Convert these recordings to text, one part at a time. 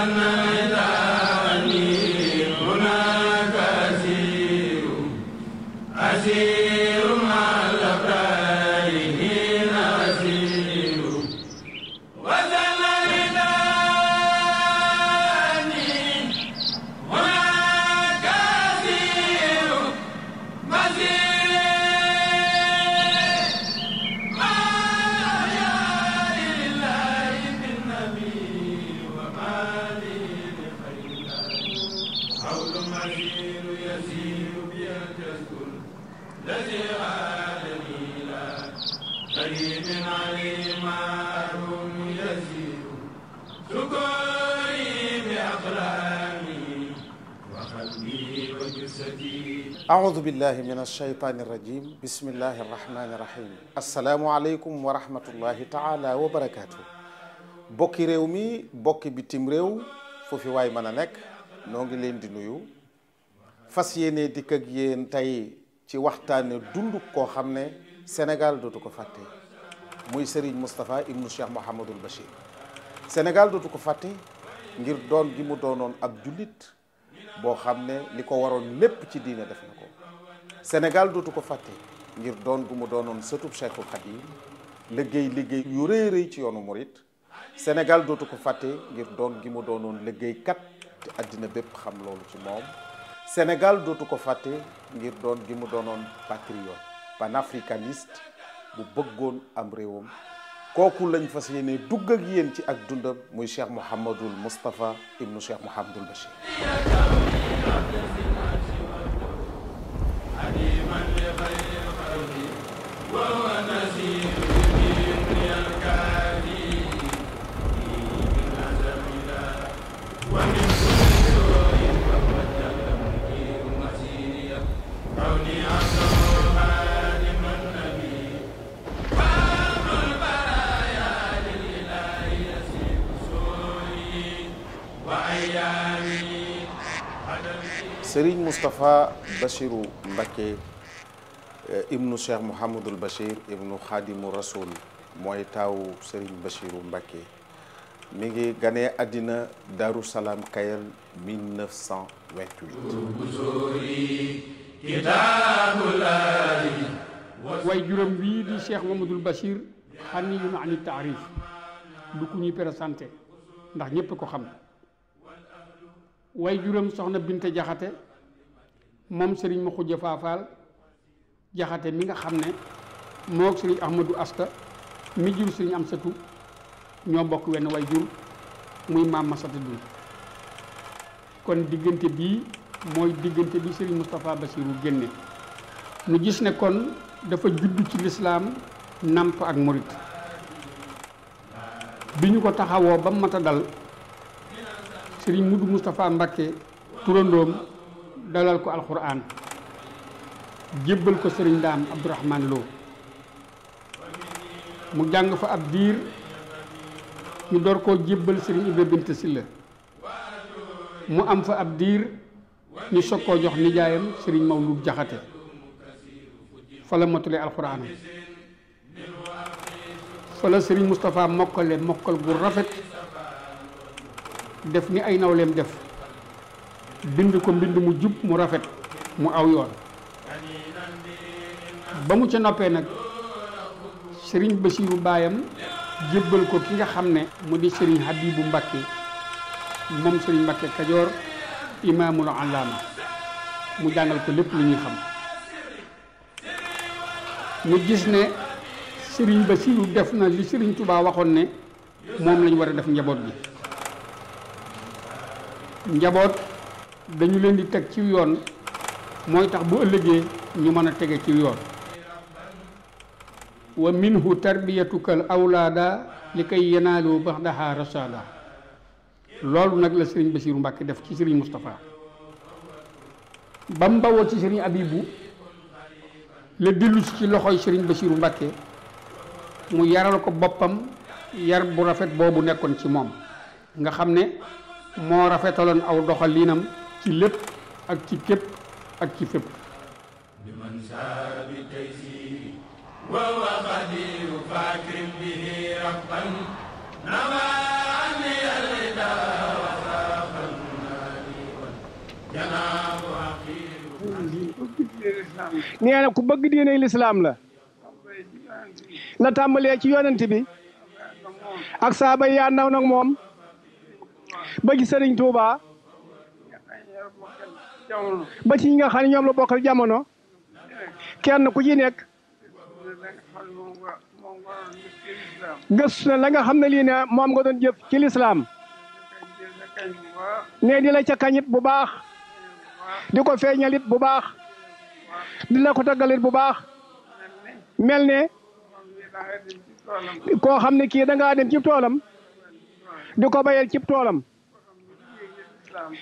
Amen aoudu billahi min alsheytani irrajim bismillahi arrahmani irrahim asalaamualeykum wa rahmatullahi taala wa barakatuhu bokki réew mi bokki bitim réew foofi waay mën a nekk noo ngi leen di nuyu fas yéene dikk ak yéen tey ci waxtaane dund koo xam ne senegal dootu ko fàtte muy Serigne Moustapha ibnu Cheikh Mouhamadul Bachir senegal dootu ko fàtte ngir doon gi mu doonoon ab jullit boo xam ne li ko waroon lépp ci diine def Sénégal dootu ko fàtte ngir doon gu mu doonoon sëtub Cheikhul Khadim liggéey liggéey yu rëy rëy ci yoonu murit Sénégal dootu ko fàtte ngir doon gi mu doonoon liggéeykat kat àddina bépp xam loolu ci moom Sénégal dootu ko fàtte ngir doon gi mu doonoon patriote panafricaniste bu bëggoon am réewam kooku lañ fas yéene dugg ak yéen ci ak dundam muy Cheikh Mouhamadul Moustapha ibnu Cheikh Mouhamadul Bachir Moustapha Bachiru Mbacké eh, ibnu Cheikh Mouhamadul Bachir ibnu Khadimu Rasoul mooy taawu Serigne Bachiru Mbacké mi ngi ganee àddina Darou Salaam Kayal 1928 waaye juróom wii di Cheikh Mamadul Bachir xani yu na ani taarif du ku ñuy présenté ndax ñépp ko xam waaye juróom soxna Binte Jaxate moom sëriñ ma xujj faafaal jaxate mi nga xam ne moo sëriñ ahmadou asta mi jur sëriñ am satu ñoo bokk wenn way jur muy maam masata dun kon diggante bii mooy diggante bi sëriñ moustapha basiru génne nu gis ne kon dafa juddu ci lislaam nàmp ak morit bi ñu ko taxawoo ba mata dal sëriñ mudu moustapha mbakke turandoom dalal ko alxuraan jébbal ko sëriñ daam abdourahman loo mu jàng fa ab diir ñu door koo jébbal sëriñ ibra bint silla mu am fa ab diir ñu soog koo jox nijaayam sëriñ mawlud jaxate fa la matule alxuraanam fa la sëriñ moustapha mokkale mokkal gu rafet def ni ay nawleem def bind ko mbind mu jub mu rafet mu aw yoon ba mu ca noppee nag sëriñ Basiiru baayam jébbal ko ki nga xam ne mu di sëriñ Habibu Mbàkke moom sëriñ Mbàkke Kajoor imaamul allaama mu jàngal ko lépp lu ñuy xam mu gis ne sëriñ Basiiru def na li sëriñ Tubaa waxoon ne moom lañu war a def njaboot bi njaboot dañu leen di teg ci yoon mooy tax bu ëllëgee ñu mën a tege ci yoon wa minhu tarbiyatuka al awlaada li koy kay yanaalu baxdaha rasada loolu nag la sëriñ Basiiru Mbàkke def ci sëriñ Moustapha ba mu ci sëriñ Abibu la dellu ci loxoy sëriñ Basiiru Mbàkke mu yaral ko boppam yar bu rafet boobu nekkoon ci moom nga xam ne moo rafetaloon aw doxalinam ci lépp ak ci képp ak ci fépp liman saa bi taysiri wa wa qadiru fakrim bihi rabban nawa anni alida wa safan naliwan janaabu aqiru nee na ku bëgg diine lislaam la la tàmbalee ci yonent bi ak saaba yaa naw nag moom ba ci sëriñ ba ci ñi nga xam ne ñoom la bokkal jamono kenn ku ci nekk gëstu na la nga xam ne lii ne moom nga doon jëf ci lislaam ne di la ca kañit bu baax di ko feeñalit bu baax di la ko taggalit bu baax mel ne koo xam ne kii danga ngaa dem ci toolam di ko bayal ci toolam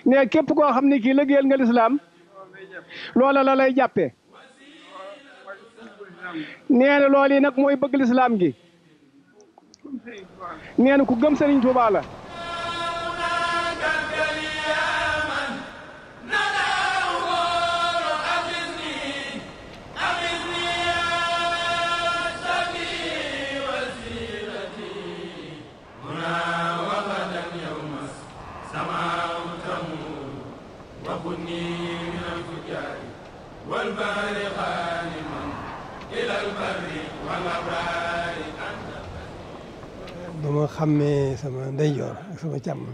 ne képp koo xam ne kii liggéeyal nga lislaam loola la lay jàppee nee na loolu yi nag mooy bëgg lislaam gi nee na ku gëm Sëriñ Tuubaa la xàmmee sama ndeyjoor ak sama càmm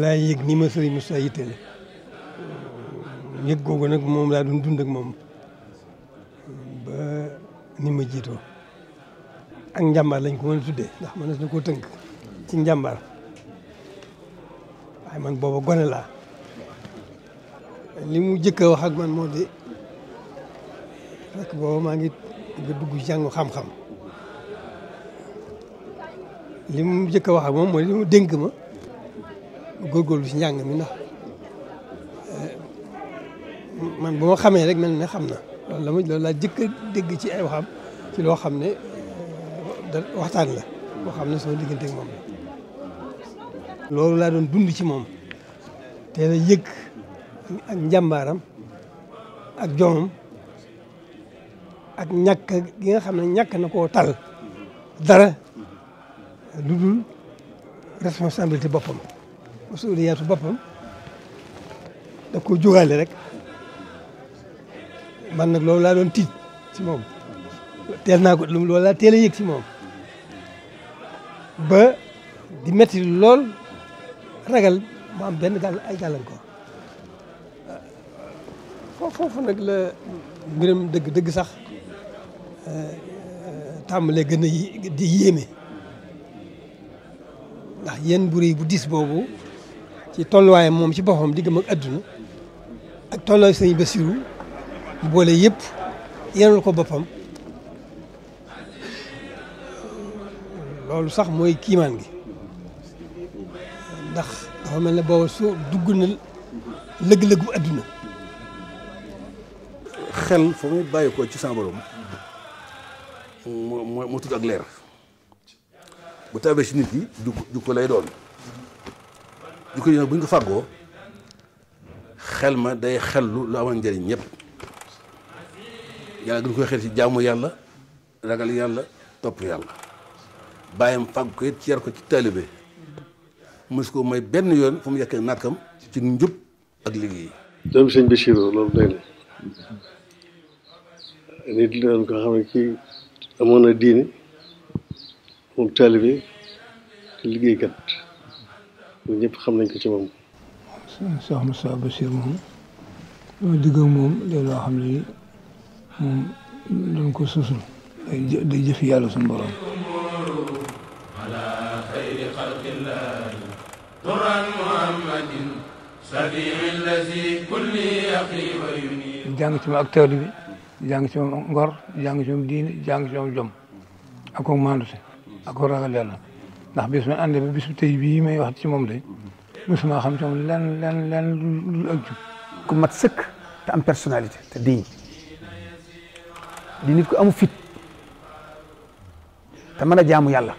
laa yëg ni ma sëriñ Moussa yittale yëg googu nag moom laa doon dund ak moom ba ni ma jiitoo ak njàmbaar lañ ko mën a tuddee ndax mënees na koo tënk ci njàmbaar waaye man booba gone laa li mu wax ak man moo di fekk booba maa ngi dugg jàngu xam-xam li mu njëkk a wax ak moom mooy li mu dénk ma góorgóorlu si njàng mi na eh, man bu ma xamee rek mel ne xam na loolu la ma loolu laa jëkk dégg ci ay waxam ci loo xam ne eh, da waxtaan la boo xam ne sama diggante ak moom la loolu laa doon dund ci moom teel a ak njàmbaaram ak jomam ak ñàkk gi nga xam ne ñàkk na koo tal dara lu dul responsabilité boppam masuliyaatu boppam da ko jógaale rek man nag loolu laa doon tiit ci moom teel naa ko loolu laa teel a yëg ci moom ba di métti lool ragal mu am benn gàll ay gàllankoor foofu nag la dëgg dëgg sax eh, eh, tàmbalee gën a di yéeme ndax yenn bu rëy bu diis boobu ci tolluwaayam moom ci boppam diggam ak adduna ak tolluwaay sëñ Basiru boole yépp yenul ko boppam loolu sax mooy kiimaan gi ndax dafa mel ne boobu su dugg na lëg-lëgu adduna xel fa muy bàyyi ko ci sa borom tudd ak leer bu tawee si nit yi jukko jukko lay doon jukko yi nag bu ñu ko xel ma day xellu lu amal njëriñ ñëpp yàlla gën koy xel ci jàmm yàlla ragal yàlla topp yàlla bàyyam fàgg ko ci yar ko ci taalibe mës ko may benn yoon fu mu yekkee nàkkam ci njub ak liggéey doom sëñ Bachir loolu doy nit la ko xam ne kii amoon na diine moom taalibe te liggéeykat loolu ñëpp xam nañ ko ci moom. soxna Saa Basiir moom sama digg moom day loo xam ne moom dañ ko suusul day jë day jëf yàlla suñu borom. jàng ci moom ak taalibe bi jàng ci moom ngor jàng ci moom diine jàng ci moom jom ak ko maandu si ako ko ragal yàlla ndax bis ma ànd ba bis bu tey bii may wax ci moom de mosuma xam ci moom len lenn lenn lu ak jub ku mat sëkk te am personnalité te diñ di nit ko amu fit te mën a jaamu yàlla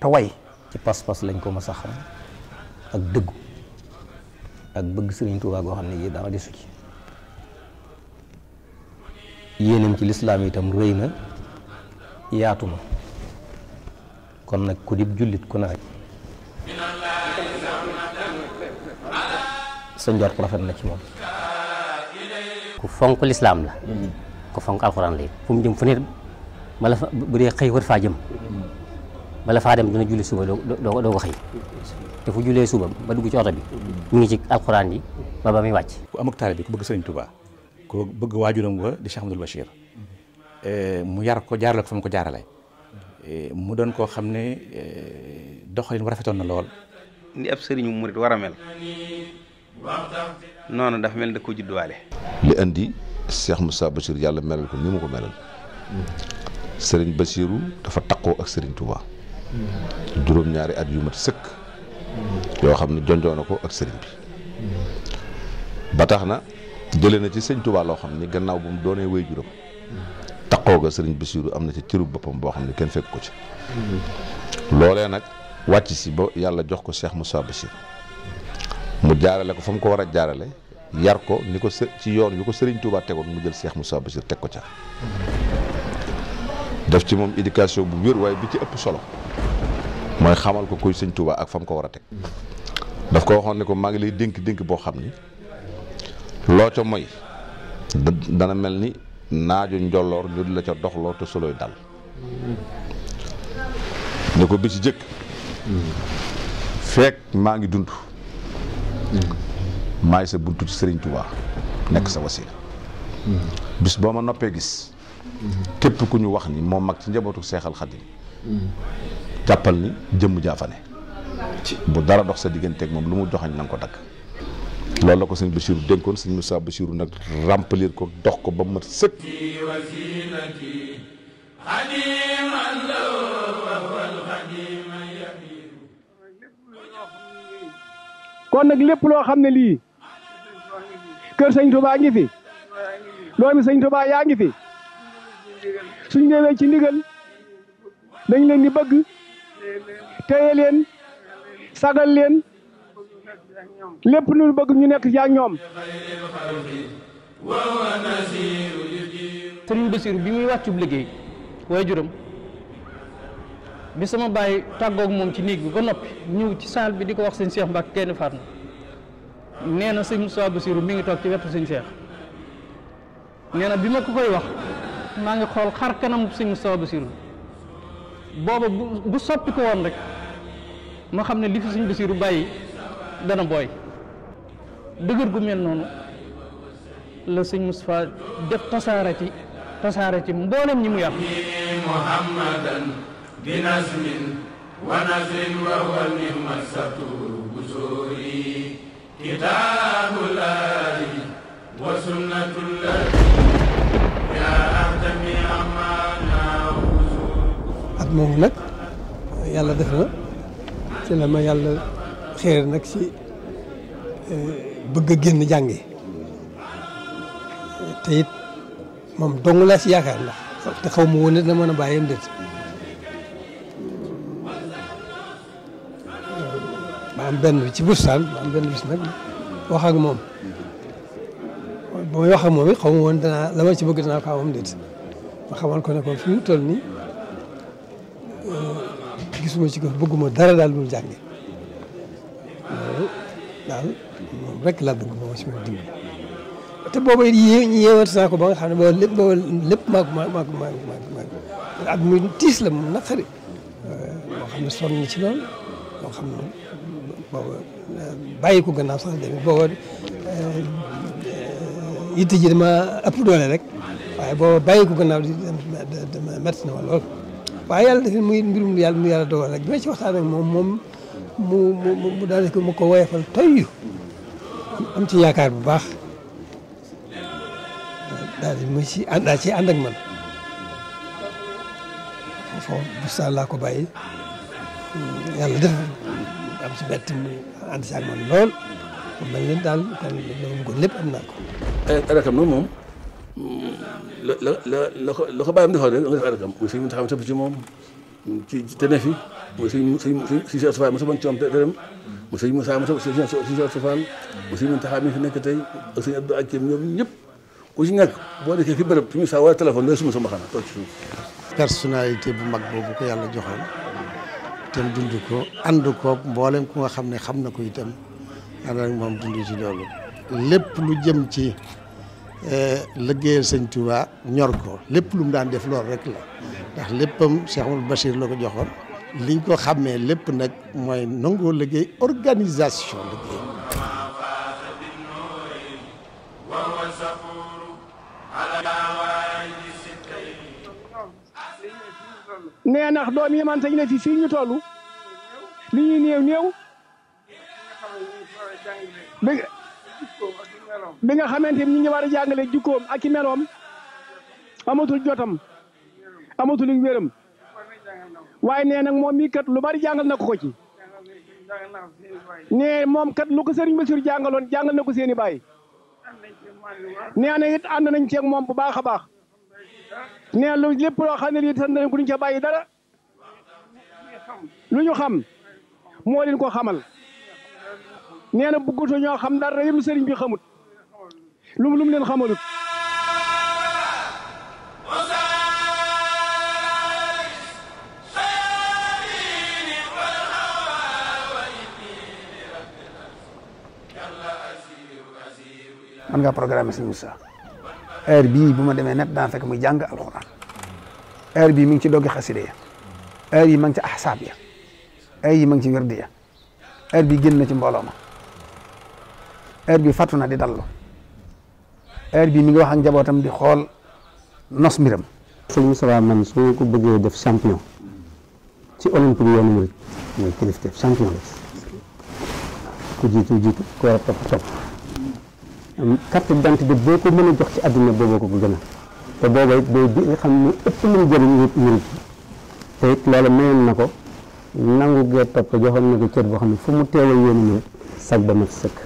te way ci pas-pas lañ ko ma sax xam ak dëggu ak bëgg Sëriñ Tuubaa goo xam ne yi dara desu ci yéenam ci lislaam itam rëy na yaatu na kon nag ku dib jullit ku naaj sa njort rafet na ci moom ku fonk lislaam la ku fonk alxuraan la it jëm fu ne bala bu dee xëy war faa jëm bala faa dem dina julli suba doo doo ko xëy te fu jullee suba ba dugg ci oto bi mu ngi ci alxuraan yi ba ba muy wàcc ku amuk taalibe ku bëgg sëriñ Tuubaa ku bëgg waajuram wa di Cheikh Amadou eh, mu yar ko jaarale ko fa mu ko jaarale Eh, mu doon koo xam ne eh, doxalin rafetoon na lool. ni ab sëriñu murit war a mel noonu dafa mel da ko judduwaale. li andi Cheikh Moussa Bachir yàlla melal ko ni mu ko melal. sëriñ Bachirou dafa takkoo ak sëriñ Touba. juróom-ñaari at yu mat sëkk. yoo xam ne jonjoo na ko ak sëriñ bi. ba tax na jëlee na ci sëñ Touba loo xam ni gannaaw bu mu doonee wéy juróom. taqoo ga sëriñ Bassirou am na ci cërub boppam boo xam ne kenn fekk ko ci. loolee nag wàcc si ba yàlla jox ko Cheikh Moussa Bassirou mu jaarale ko fa mu ko war a jaarale yar ko ni ko ci yoon yu ko sëriñ Touba tegoon mu jël mu Moussa Bassirou teg ko ca. def ci moom éducation bu wér waaye bi ci ëpp solo mooy xamal ko kuy sëñ Touba ak fa mu ko war a teg daf ko waxoon ne ko maa ngi lay dénk dénk boo xam ni loo ca mooy dana mel ni. naaju njolloor ñu di la ca doxloo te soloy dal ne ko bi ci jëkk feek maa ngi dund maay sa buntu ci Sëriñ Tuubaa nekk sa wasila bis boo ma noppee gis képp ku ñu wax ni moo mag ci njabootu seexal xadim jàppal ni jëmm jaafane bu dara dox sa digganteeg moom lu mu joxañ na ko dagg loolu la ko sëñ Bachirou dénkoon sëñ Moussa Bachirou nag remplir ko dox ko ba mat sëkk kon nag lépp loo xam ne lii kër sëñ Touba ngi fi doomi sëñ Touba yaa ngi fi suñ demee ci ndigal dañ leen di bëgg téye leen sagal leen lépp lu ñu bëgg ñu nekk jaa ñoom. sëriñ Basiiru bi muy wàccu liggéey waaye juróom bi sama bàyyi tàggoog moom ci néeg bi ba noppi ñëw ci saal bi di ko wax sëñ Cheikh Mbacke kenn faat na nee na sëñ Basiiru mi ngi toog ci wetu sëñ Cheikh nee na bi ma ko koy wax maa ngi xool xar kanam sëñ Moussa Basiiru booba bu soppi ko woon rek ma xam ne li fi Basiiru bàyyi. dana booy dëgër gu mel noonu la sëñ Moustapha def tasaare ci tasaare ci mboolem ñi mu yàq muhammadan bi nasmin wa nasrin wa huwa nimasatu busuri kitaabullahi wa sunnatullahi ya ahtami amana ak def la ma yàlla xëy nag ci eh, bëgg a génn jàngi te moom dong laa ci yaakaar ndax te xaw ma woon ne dina mën a bàyyi déet ma am benn bi ci bustaan ma am bis nag wax ak moom ba may wax ak moom it xaw ma woon la ma ci bëgg danaa ko am déet ma xamal ko ne ko fi mu toll nii eh, gisuma ci ko bëgguma dara daal dul jàngi loolu daal moom rek laa bëgg moom si mën a dimbali te booba yé yéewat naa ko ba nga xam ne booba lépp booba lépp maa ko maa ko maa ko maa ko ak muy tiis la moom naqari moo xam ne sonn ci loolu moo xam ne booba bàyyi ko gannaaw sax dem booba yitte ji dama ëpp doole rek waaye booba bàyyi ko gannaaw di dama métti na ma lool waaye yàlla def muy mbirum yàlla mu yàlla dogal rek bi ma ci waxtaan ak moom moom mu mu mu daal di mu ko woyofal toyyu am ci yaakaar bu baax daal di mu ci ànd daal ci ànd ak man laa ko bàyyi yàlla def am si bett mu ànd si ak lool moom mel leen daal kon loolu ko lépp am naa ko. Eh, rakam nag moom la la la la ko la ko bàyyam defoon rek nga mu taxaw ci moom. ci te ne fi mu sëñ mu sëñ si Cheikh Sofane mu saban coom dërëm mu sëñ mu sa si Cheikh Sofane mu sëñ Mountakha mi fi nekk tey ak sëñ Abdou Akim ñoom ku ci nekk boo nekkee fi bërëb suñu saa wala téléphone lay suma sama xanaa toog ci bu mag boobu ko yàlla joxoon te dund ko ànd ko mboolem ku nga xam ne xam na ko itam ànd ak moom dund ci loolu lépp lu jëm ci Eh, liggéeyal sëñ Touba ñor ko lépp lu mu daan def loolu rek la ndax léppam Cheikh Amadou Bachir la ko joxoon liñ ko xàmmee lépp nag mooy nangoo liggéey organisation liggéey nee nax doom yi man ne fi fii ñu toll néew néew bi nga xamante ni ñu ngi war a jàngale jikkoom ak i meloom amatul jotam amatul wéram waaye nee nag moom mii kat lu bari jàngal na ko ko ci nee moom kat lu ko sëriñ Bassirou jàngaloon jàngal na ko seen i baay nee na it ànd nañ ceeg moom bu baax a baax nee lu lépp loo xam ne lii sant nañ ko duñ ca bàyyi lu ñu xam moo leen ko xamal nee na bëggatoo ñoo xam dara yëpp sëriñ bi xamut lu mu leen xamalut man ngaa programme sëñ Moussa heure bii bu ma demee net dana fekk muy jàng alxuraan heure bii mi ngi ci doggi xaside ya heure yi ma ngi ci ahsaab ya heure yi ma ngi ci wirdi ya heure bii génn na ci mbooloo ma bi bii na di dallu heure bii mi ngi wax ak njabootam di xool nos mbiram. sëñ Moustapha man su ma ko bëggee def champion ci olympique yoonu murit mooy kilifteef champion ku jiitu jiitu ku war a topp topp carte d'identité boo ko mën a jox ci àdduna booboo ko gën a te booba it day nga xam ne ëpp lu mu jëriñ te ko nangu gee topp joxoon na ko cër boo xam ne fu mu teewal yoonu murit sag ba mat sëkk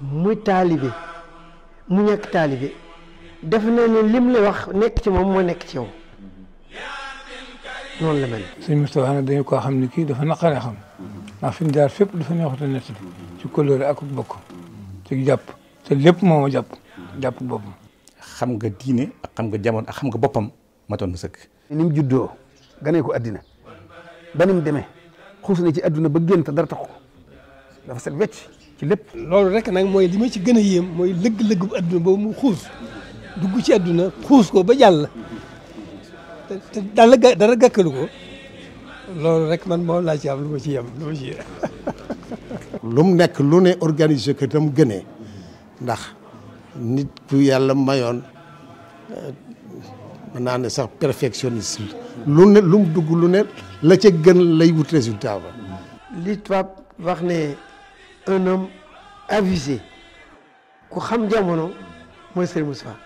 muy taalibe mu ñàkk taalibe defe na ne lim la wax nekk ci moom moo nekk ci yow noonu la mel. sëñ Moustapha nag dañu koo xam ne kii dafa naqaree xam ndax fi mu jaar fépp dafa neexut a nett ci kóllóore ak bokk ci jàpp te lépp moo ma jàpp jàpp boppam. xam nga diine xam nga jamono ak xam nga boppam matoon na sëkk. ni mu juddoo ganee ko addina ba ni mu demee xuus na ci adduna ba génn te dara tax ko dafa set wecc. ci lépp loolu rek nag mooy li ma ci gën a yéem mooy lëgg-lëgg bu adduna boobu mu xuus dugg ci adduna xuus ko ba jàll te dara dara gàkkalu ko loolu rek man moo laa ci am lu ci yem lu ma lu mu nekk lu ne organiser ko itam gënee ndax nit ku yàlla mayoon eh, mën naa ne sax perfectionniste lu ne lu dugg lu ne la ca gën lay wut résultat ba li tubaab wax ne un homme avisé ku xam jamono mooy Serigne Moustapha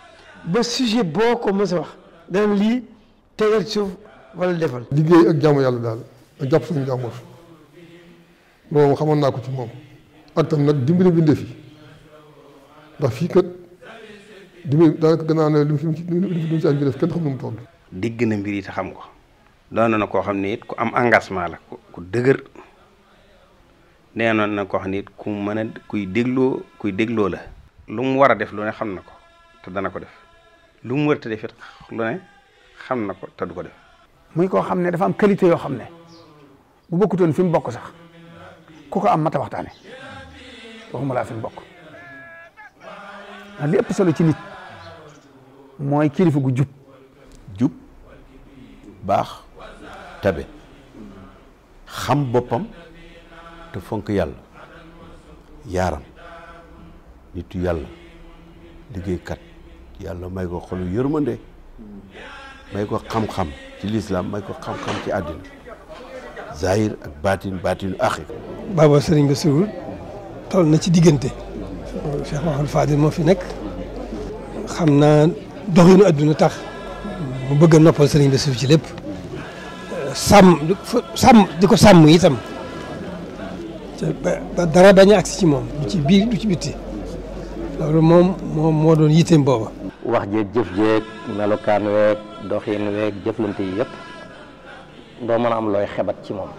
ba sujet boo ko mos a wax dana lii tegal suuf wala defal. liggéey ak jaamu yàlla daal ak jàpp suñu jaamu moom xamoon naa ko ci moom ak tam nag dimbali bindee fi ndax fii kat dimbali daanaka gannaaw ne li mu fi mu si def kenn xam nu mu toll. dégg na mbir yi te xam ko doon na koo xam ne it ku am engagement la ku dëgër. neenoon na ko xam ku mën kuy dégloo kuy dégloo la lu mu war a def loone xam na ko te dana ko def lu mu wërta def it xam na ko te ko def muy koo xam ne dafa am qualité yoo xam ne bu bokkutoon fi mu bokk sax ku ko am mata waxtaane waxuma laa fi mu bokk li ëpp ci nit mooy kilifa gu jub jub baax tabe xam boppam te fonk yàlla yaaram nitu yàlla liggéeykat yàlla may ko xolu yërmande may ko xam-xam ci lislaam may ko xam-xam ci àddina zahir ak baatin baatinu axi baaba sëriñ ba sirul toll na ci diggante Cheikh Mahamadou Fadil moo fi nekk xam naa doxinu àdduna tax mu bëgg a noppal sëriñ ba sirul ci lépp sàmm sàmm di ko sàmm itam ba dara bañ a agsi ci moom du ci biir du ci bitti moom moom moo doon yitteem booba wax jeeg jëf jeeg melokaan weeg doxin weeg jëflante yi yëpp ndoo mën a am looy xebat ci moom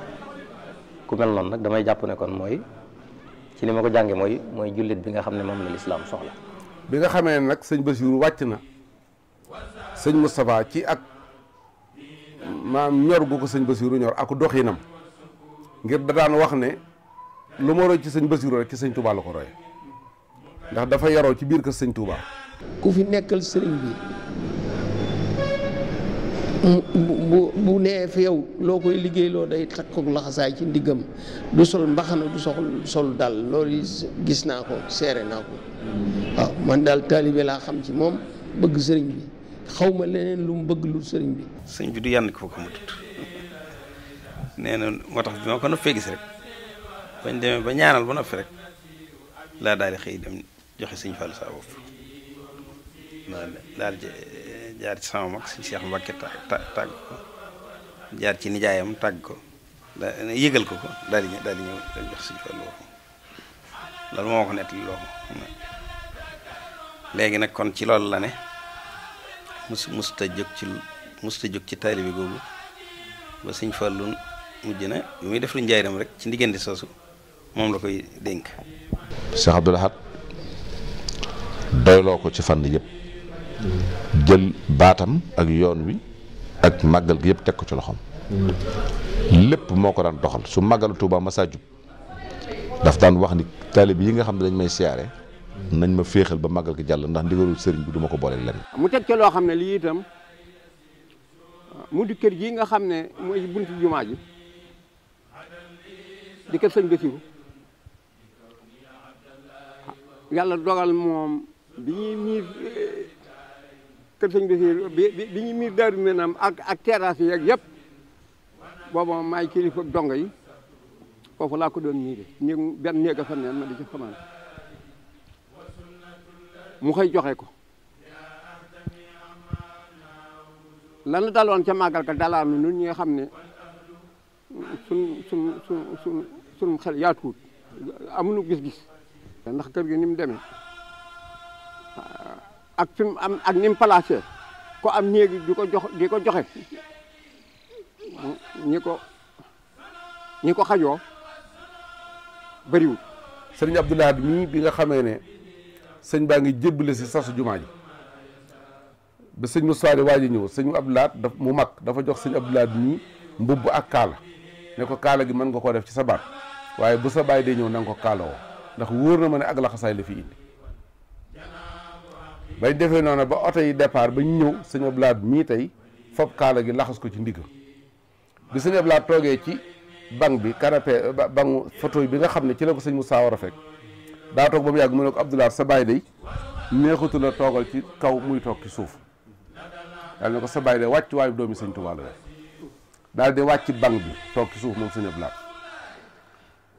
ku mel noon nag damay jàpp ne kon mooy ci ni ma ko jànge mooy mooy jullit bi nga xam ne moom la lislaam soxla bi nga xamee nag sëñ Basiru wàcc na sëñ Moustapha ci ak maam ñor gu sëñ Basiru ñor ak doxinam ngir da daan wax ne lu ma roy ci sëñ Basiru rek ci sëñ Touba la ko roy ndax dafa yaroo ci biir kër sëñ Touba. ku fi nekkal sëriñ bi bu bu nee fi yow loo koy liggéeyloo day takkook laxasaay ci ndiggam du sol mbaxana du soxla sol dal loolu gis naa ko seere naa ko waaw man daal taalibe laa xam ci moom bëgg sëriñ bi xaw ma leneen lu mu bëgg lu sëriñ bi. sëñ bi du yànn ko ko mu tudd nee na moo tax bi ma ko noppee gis rek. bañ demee ba ñaanal ba noppi rek laa daal di xëy dem joxe sëñ Fallu saa bopp daal di eh, jaar sama mag sëñ ci nijaayam tàgg ko daal ko ko daal di daal di ñëw nag kon ci loolu la mus musta jóg ci jóg ci taalibe googu ba sëñ Fallu mujj na lu muy def lu njaay dem rek ci ndiggante soosu moom la koy dénk. Cheikh Abdoul Ahad doyloo ko ci fànn yëpp jël baatam ak yoon wi ak màggal gi yëpp teg ko ci loxoom. lépp moo ko daan doxal su màggalu Touba ma jub daf daan wax ni taalib yi nga xam ne dañ may siyaare nañ ma féexal ba màggal gi jàll ndax ndigalul sëriñ bi du ko boole lenn. mu teg ci loo xam ne lii itam mu di kër gii nga xam ne mooy buntu jumaa ji di kër sëñ Bassirou. yàlla dogal moom bi ñuy miir kër sëñ Basiiru bi ñuy miir daaru ak ak terrasse yi ak yëpp maay kilifa dongo yi foofu laa ko doon miire néeg benn néeg a fa neen ma di ci xamaan mu xëy joxe ko lanu daloon ca màggal ga dalaanu nun ñi nga xam ne sun sun sun sun sun xel yaatuwut amuñu gis-gis ndax kër gi ni mu deme ak fi mu am ak ni mu placé ko am néegi di ko jox di ko joxe ñi ko ñi ko xajoo bëriwul. sëriñ Abdoulaye mii bi nga xamee ne sëñ baa ngi jébbale si sasu jumaa ji ba sëñ mu di waaj a ñëw sëñ Abdoulaye daf mu mag dafa jox sëñ Abdoulaye mii mbubb ak kaala ne ko kaala gi mën nga koo def ci sa baat waaye bu sa baay de ñëw nan ko kaalawoo. ndax wóor na ma ne ak laxasaay la fi indi bañ defee noonu ba oto yi départ ba ñu ñëw sëñ Ablaat mii tey fob kaala gi laxas ko ci ndigg bi sëñ Ablaat toogee ci banc bi canapé banc photo yi bi nga xam ne ci la ko sëñ mu saawar a fekk daa toog ba mu yàgg mu ne ko Abdoulaye sa baay day neexatu la toogal ci kaw muy toog ci suuf daal ne ko sa baay day wàcc waayu doomi sëñ Tuubaa la daal di wàcc banc bi toog ci suuf moom sëñ Ablaat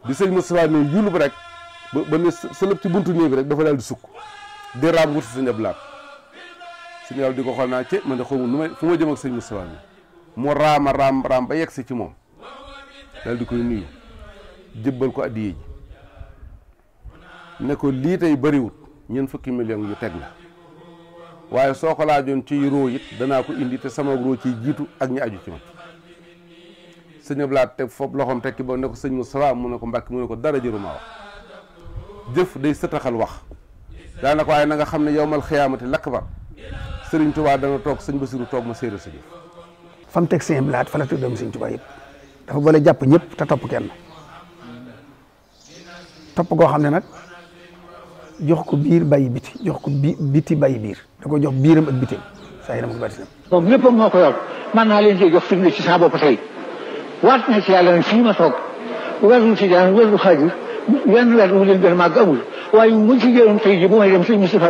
bi sëñ Moussa ne yulub ba ba ne sëlëb ci buntu néeg rek dafa daal di sukk di raam wut si sëñ Ablaat sëñ di ko xool naa ci man de xawma nu may fu ma ak ba yegg si ci moom daal di koy nuyu jëbbal ko addiye ji ne ko lii tey bëriwut ñeent fukki million yu teg la waaye soo ko laajoon ci roo danaa ko indi te sama roo ciy jiitu ak ñi aju ci man sëñ Ablaat teg loxoom tekki ba ne ko sëñ Moustapha mu ne ko mbàkk mu ne ko dara jëru jëf day sëtaxal wax daanaka waaye na nga xam ne yowmal xiyaamati lakk ba sëriñ tubaa dana toog sëñ basiru toog ma séeréer sa jëf teg seen blaat fa la tudd doomu yëpp dafa boole jàpp ñépp te topp kenn topp koo xam ne nag jox ko biir bàyyi biti jox ko bi biti bàyyi biir da ko jox biiram ak bitim saa yaram ak batinam moom lépp moo ko yor man naa leen ci jox firnde ci saa bopp tey waat na ci yàlla ne fii ma toog wérul ci daan wérul xaajir wenn weer wu leen màgg amul waaye muñ ci jëloon tey jii bu may dem xam ne sëñ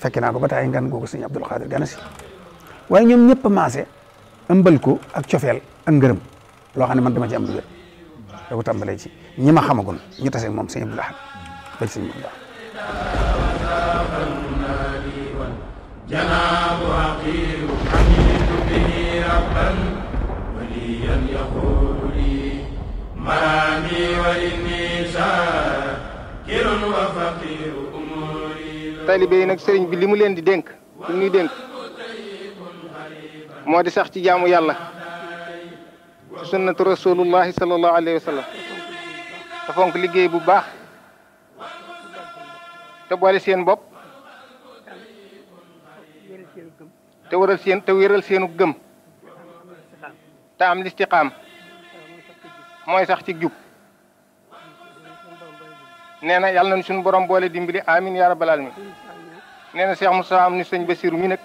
fekk naa ko ba tàyyi ngan googu sëñ Abdul Xaadir waaye ñoom ñëpp maase ëmbal ko ak cofeel ak ngërëm loo xam ne man dama ci am lu wér ko tàmbalee ci ñi ma xamagoon ñu tase moom sëñ Abdul Ahad ba ci sëñ Moustapha taalibe yi nag sëriñ bi li mu leen di dénk li muy dénk moo di sax ci jaamu yàlla sunnatu rasulullahi sallallahu alayhi wa sallam te fonk liggéey bu baax te boole seen bopp te waral seen te wéral seenu gëm te am listiqaam mooy sax ci jub nee na yàlla nañu suñu borom boole dimbali amin yaa rabbal alamin nee na Cheikh Moussa am ni sëñ Basiru mi nag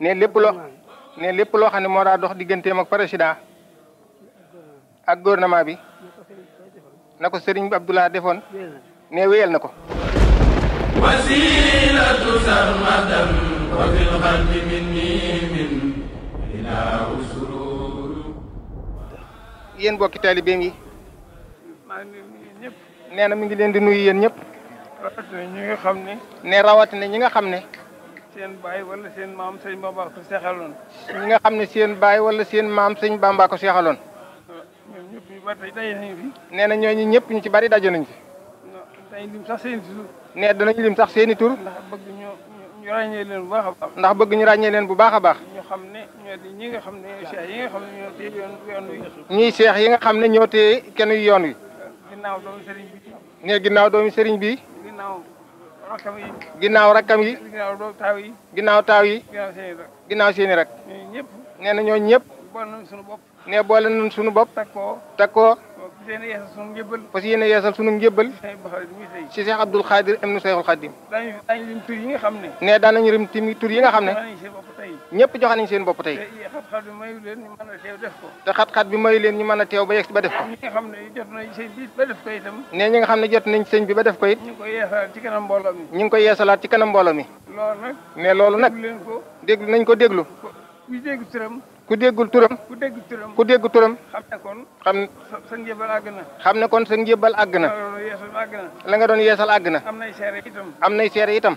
ne lépp loo ne lépp loo xam ne moo daa dox digganteem ak président ak gouvernement bi na ko sëriñ bi Abdoulaye defoon ne wéyal na ko wasilatu sarmadam wa fil xalbi minni min ilaa yéen bokki taalibeem yi. maa ngi leen di nuyu na mi ngi leen di nuyu yéen ñëpp. rawatina xam ne. ne rawatina ñi nga xam ne. seen baay wala seen maam sëñ Bamba ko seexaloon. ñi nga xam ne seen baay wala seen maam sëñ Bamba ko seexaloon. ñoom ñëpp ñooñu ñëpp ñu ci bari daje nañu fi. danañ lim lim sax seen tur. ñu ràññee leen bu baax ndax bëgg ñu ràññee leen bu baax a baax. ñu xam ne ñoo ñi nga xam ne seex yi nga xam ne ñoo téye yoon wi. ñuy seex yi nga xam ne ñoo kenn yoon wi. ginnaaw doomu sëriñ bi. ne ginnaaw doomu sëriñ bi. ginnaaw rakkam yi. ginnaaw yi. ginnaaw doomu taaw yi. ginnaaw taaw yi. ginnaaw seeni rek. ginnaaw seeni rek. ñooñu ñëpp. nee na ñooñu ñëpp. boole suñu bopp. nee boole nañ suñu bopp. takkoo yéen a yeesal sunu njëbbal. parce que yéen a yeesal sunu njëbbal. ci Cheikh Abdoul Khadir ibnu Cheikhul Khadim. daañu ne. daan nañu lim timi tur yi nga xam ne. ñëpp joxe seen bopp tey. te xat-xat bi mayu leen ñu mën a teew ba yegg ba ba def ko itam. ne nga xam ne jot nañ sëñ bi ba def ko ñu ngi koy yeesalaat ci kanam mbooloo mi. ñu ngi koy yeesalaat ci kanam mbooloo mi. loolu loolu nag déglu nañ ko déglu. ku déggul turam. ku dégg turam ku dégg turam. xam ne kon. xam sa njëbal àgg na. xam ne kon sa njëbal àgg na. la nga doon yeesal àgg na. am nay seere itam. am nay seere itam.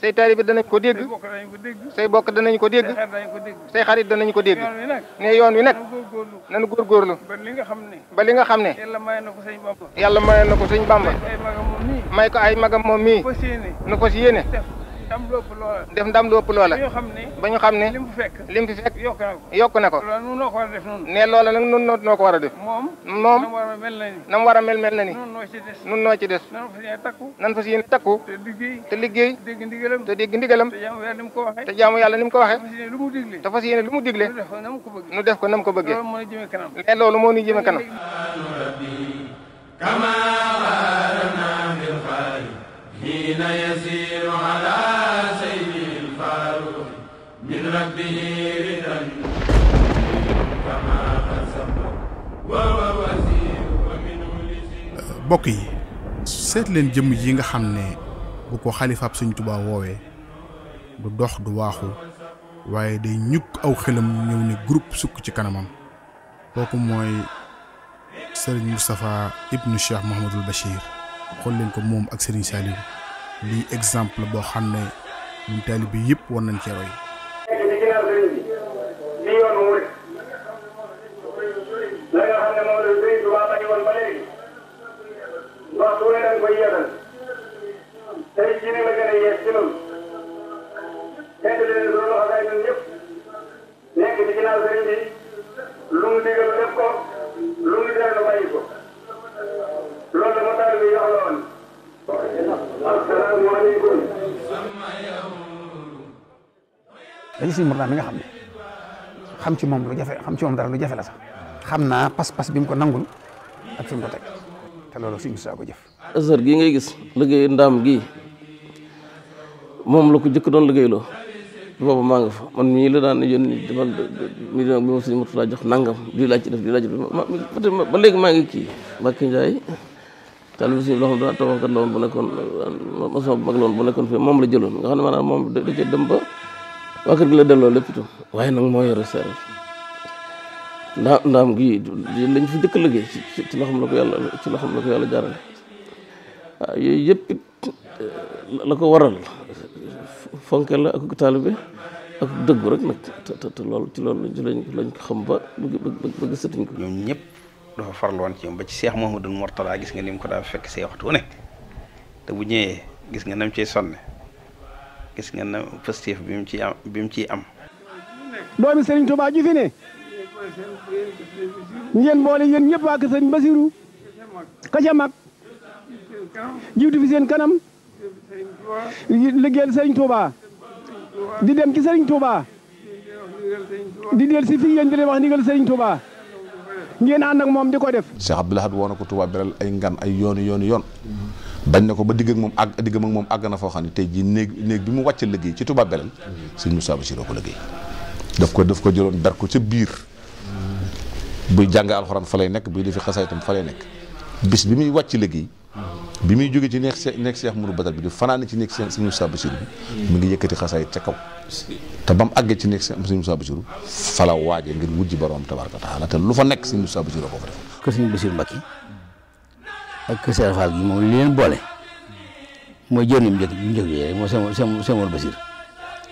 say taalibe danañ ko dégg. say danañ ko dégg. say bokk danañ ko dégg. say xarit danañ ko dégg. ne yoon wi nag. nanu góor ba li nga xam ne. ba li nga xam ne. yàlla mayoon na ko sëñ Bamba. yàlla mayoon na ko sëñ Bamba. may ko ay magam moom mii. nu fas yéene. ndam lu ëpp loola. def ndam lu ëpp loola. ba ñu xam ne. ba ñu xam ne lim fi fekk. yokk na ko. yokk na a def noonu. ne loola nag noonu noo ko war a def. moom. moom na mu war a mel mel na ni. nun noo ci des. ci des. nan fa si yéen takku. nan fa si yéen takku. te liggéey. te liggéey. dégg ndigalam. te dégg ndigalam. te jaamu yàlla ni mu ko waxee. te jaamu yàlla ko waxee. te fa si yéene lu mu digle. nu def ko na mu ko bëggee. ne loolu moo ñu jëme kanam. حين يسير على سيد الفاروق من ربه رضا كما حسب وهو bokk yi seet jëmm yi nga xam ne bu ko xalifaab Sëñ Tuubaa woowee du dox du waaxu waaye day ñukk aw xelam ñëw ne groupe sukk ci kanamam kooku mooy Serigne Moustapha ibnu Cheikh Mouhamadul Bachir xool leen ko moom ak Serigne Saliou lii exemple boo xam ne ñun taalibe bi yëpp war nañ cee roy nekk ci ginnaaw sëriñ bi lu mu digal ba ci sëñ Mor mi nga xam ne xam ci moom lu jafe xam ci moom dara lu jafe la sax xam naa pas-pas bi mu ko nangul ak fi mu ko teg te loolu sëñ Moussa ko jëf. Azhar gii ngay gis liggéey ndaam gi moom la ko jëkk doon liggéeyloo boobu maa nga fa man mii la daan yónni demal mi bi ma sëñ Murtala nangam di laaj ci def di laaj ba léegi maa ngi kii Mbacke Ndiaye tal bi suñu loo xam ne daa tabaxkat la bu nekkoon bu mag la woon bu nekkoon moom la jëloon nga xam ne maanaam moom da cee dem ba waa kër gi la delloo lépp itam waaye nag moo yore seeral ndaam ndaam gi lañ fi dëkk liggéey ci ci la ko yàlla ci loxoom la ko yàlla jaarale waaw ah, yooyu yëpp eh, la ko waral fonke la ak taalibe ak dëggu rek nag te loolu ci loolu ci lañ ko xam ba bëgg bëgg sëtiñ ko. ñoom ñëpp dafa farlu woon ci ñoom ba ci Cheikh Mouhamadou Mourtada gis nga ni ko daa fekk say waxtu wu nekk te bu ñëwee gis nga nam cey sonne. gis ngeen na positif bi mu ci am bi mu ciy am. doomi Serigne Touba ju fi ne. ngeen ñëpp waa kër Serigne Basirou. ka ca fi seen kanam. liggéeyal Serigne Touba. di dem ci Serigne Touba. di del si fii yéen di leen wax ndigal Serigne Touba. ngeen ànd ak moom di ko def. Cheikh Abdoul Ahad woo na ko Touba beral ay ngan ay yoonu yoonu yoon. bañ na ko ba digg moom àgg digg ak moom àgg na foo xam ne tey jii néeg néeg bi mu wàcc liggéey ci Touba Belel sëñ Moussa Bassirou ko liggéey daf ko daf ko jëloon ber ko ca biir buy jàng alxuraan fa lay nekk buy defi xasaay itam fa nekk bis bi muy wàcc liggéey bi muy jóge ci neex see neex seex muru badal bi di ci neex sëñ Moussa Bassirou bi mu ngi yëkkati xasaay ca kaw te ba àggee ci neex sëñ Moussa Bassirou fa la waajee ngir wujji borom tabaraka taala te lu fa nekk sëñ Moussa Bassirou ko fa def kër sëñ Bassirou ak kër Serigne Fall gi moom li leen boole mooy jëriñu njëkk njëkk yi rek mooy Serigne Serigne Bassir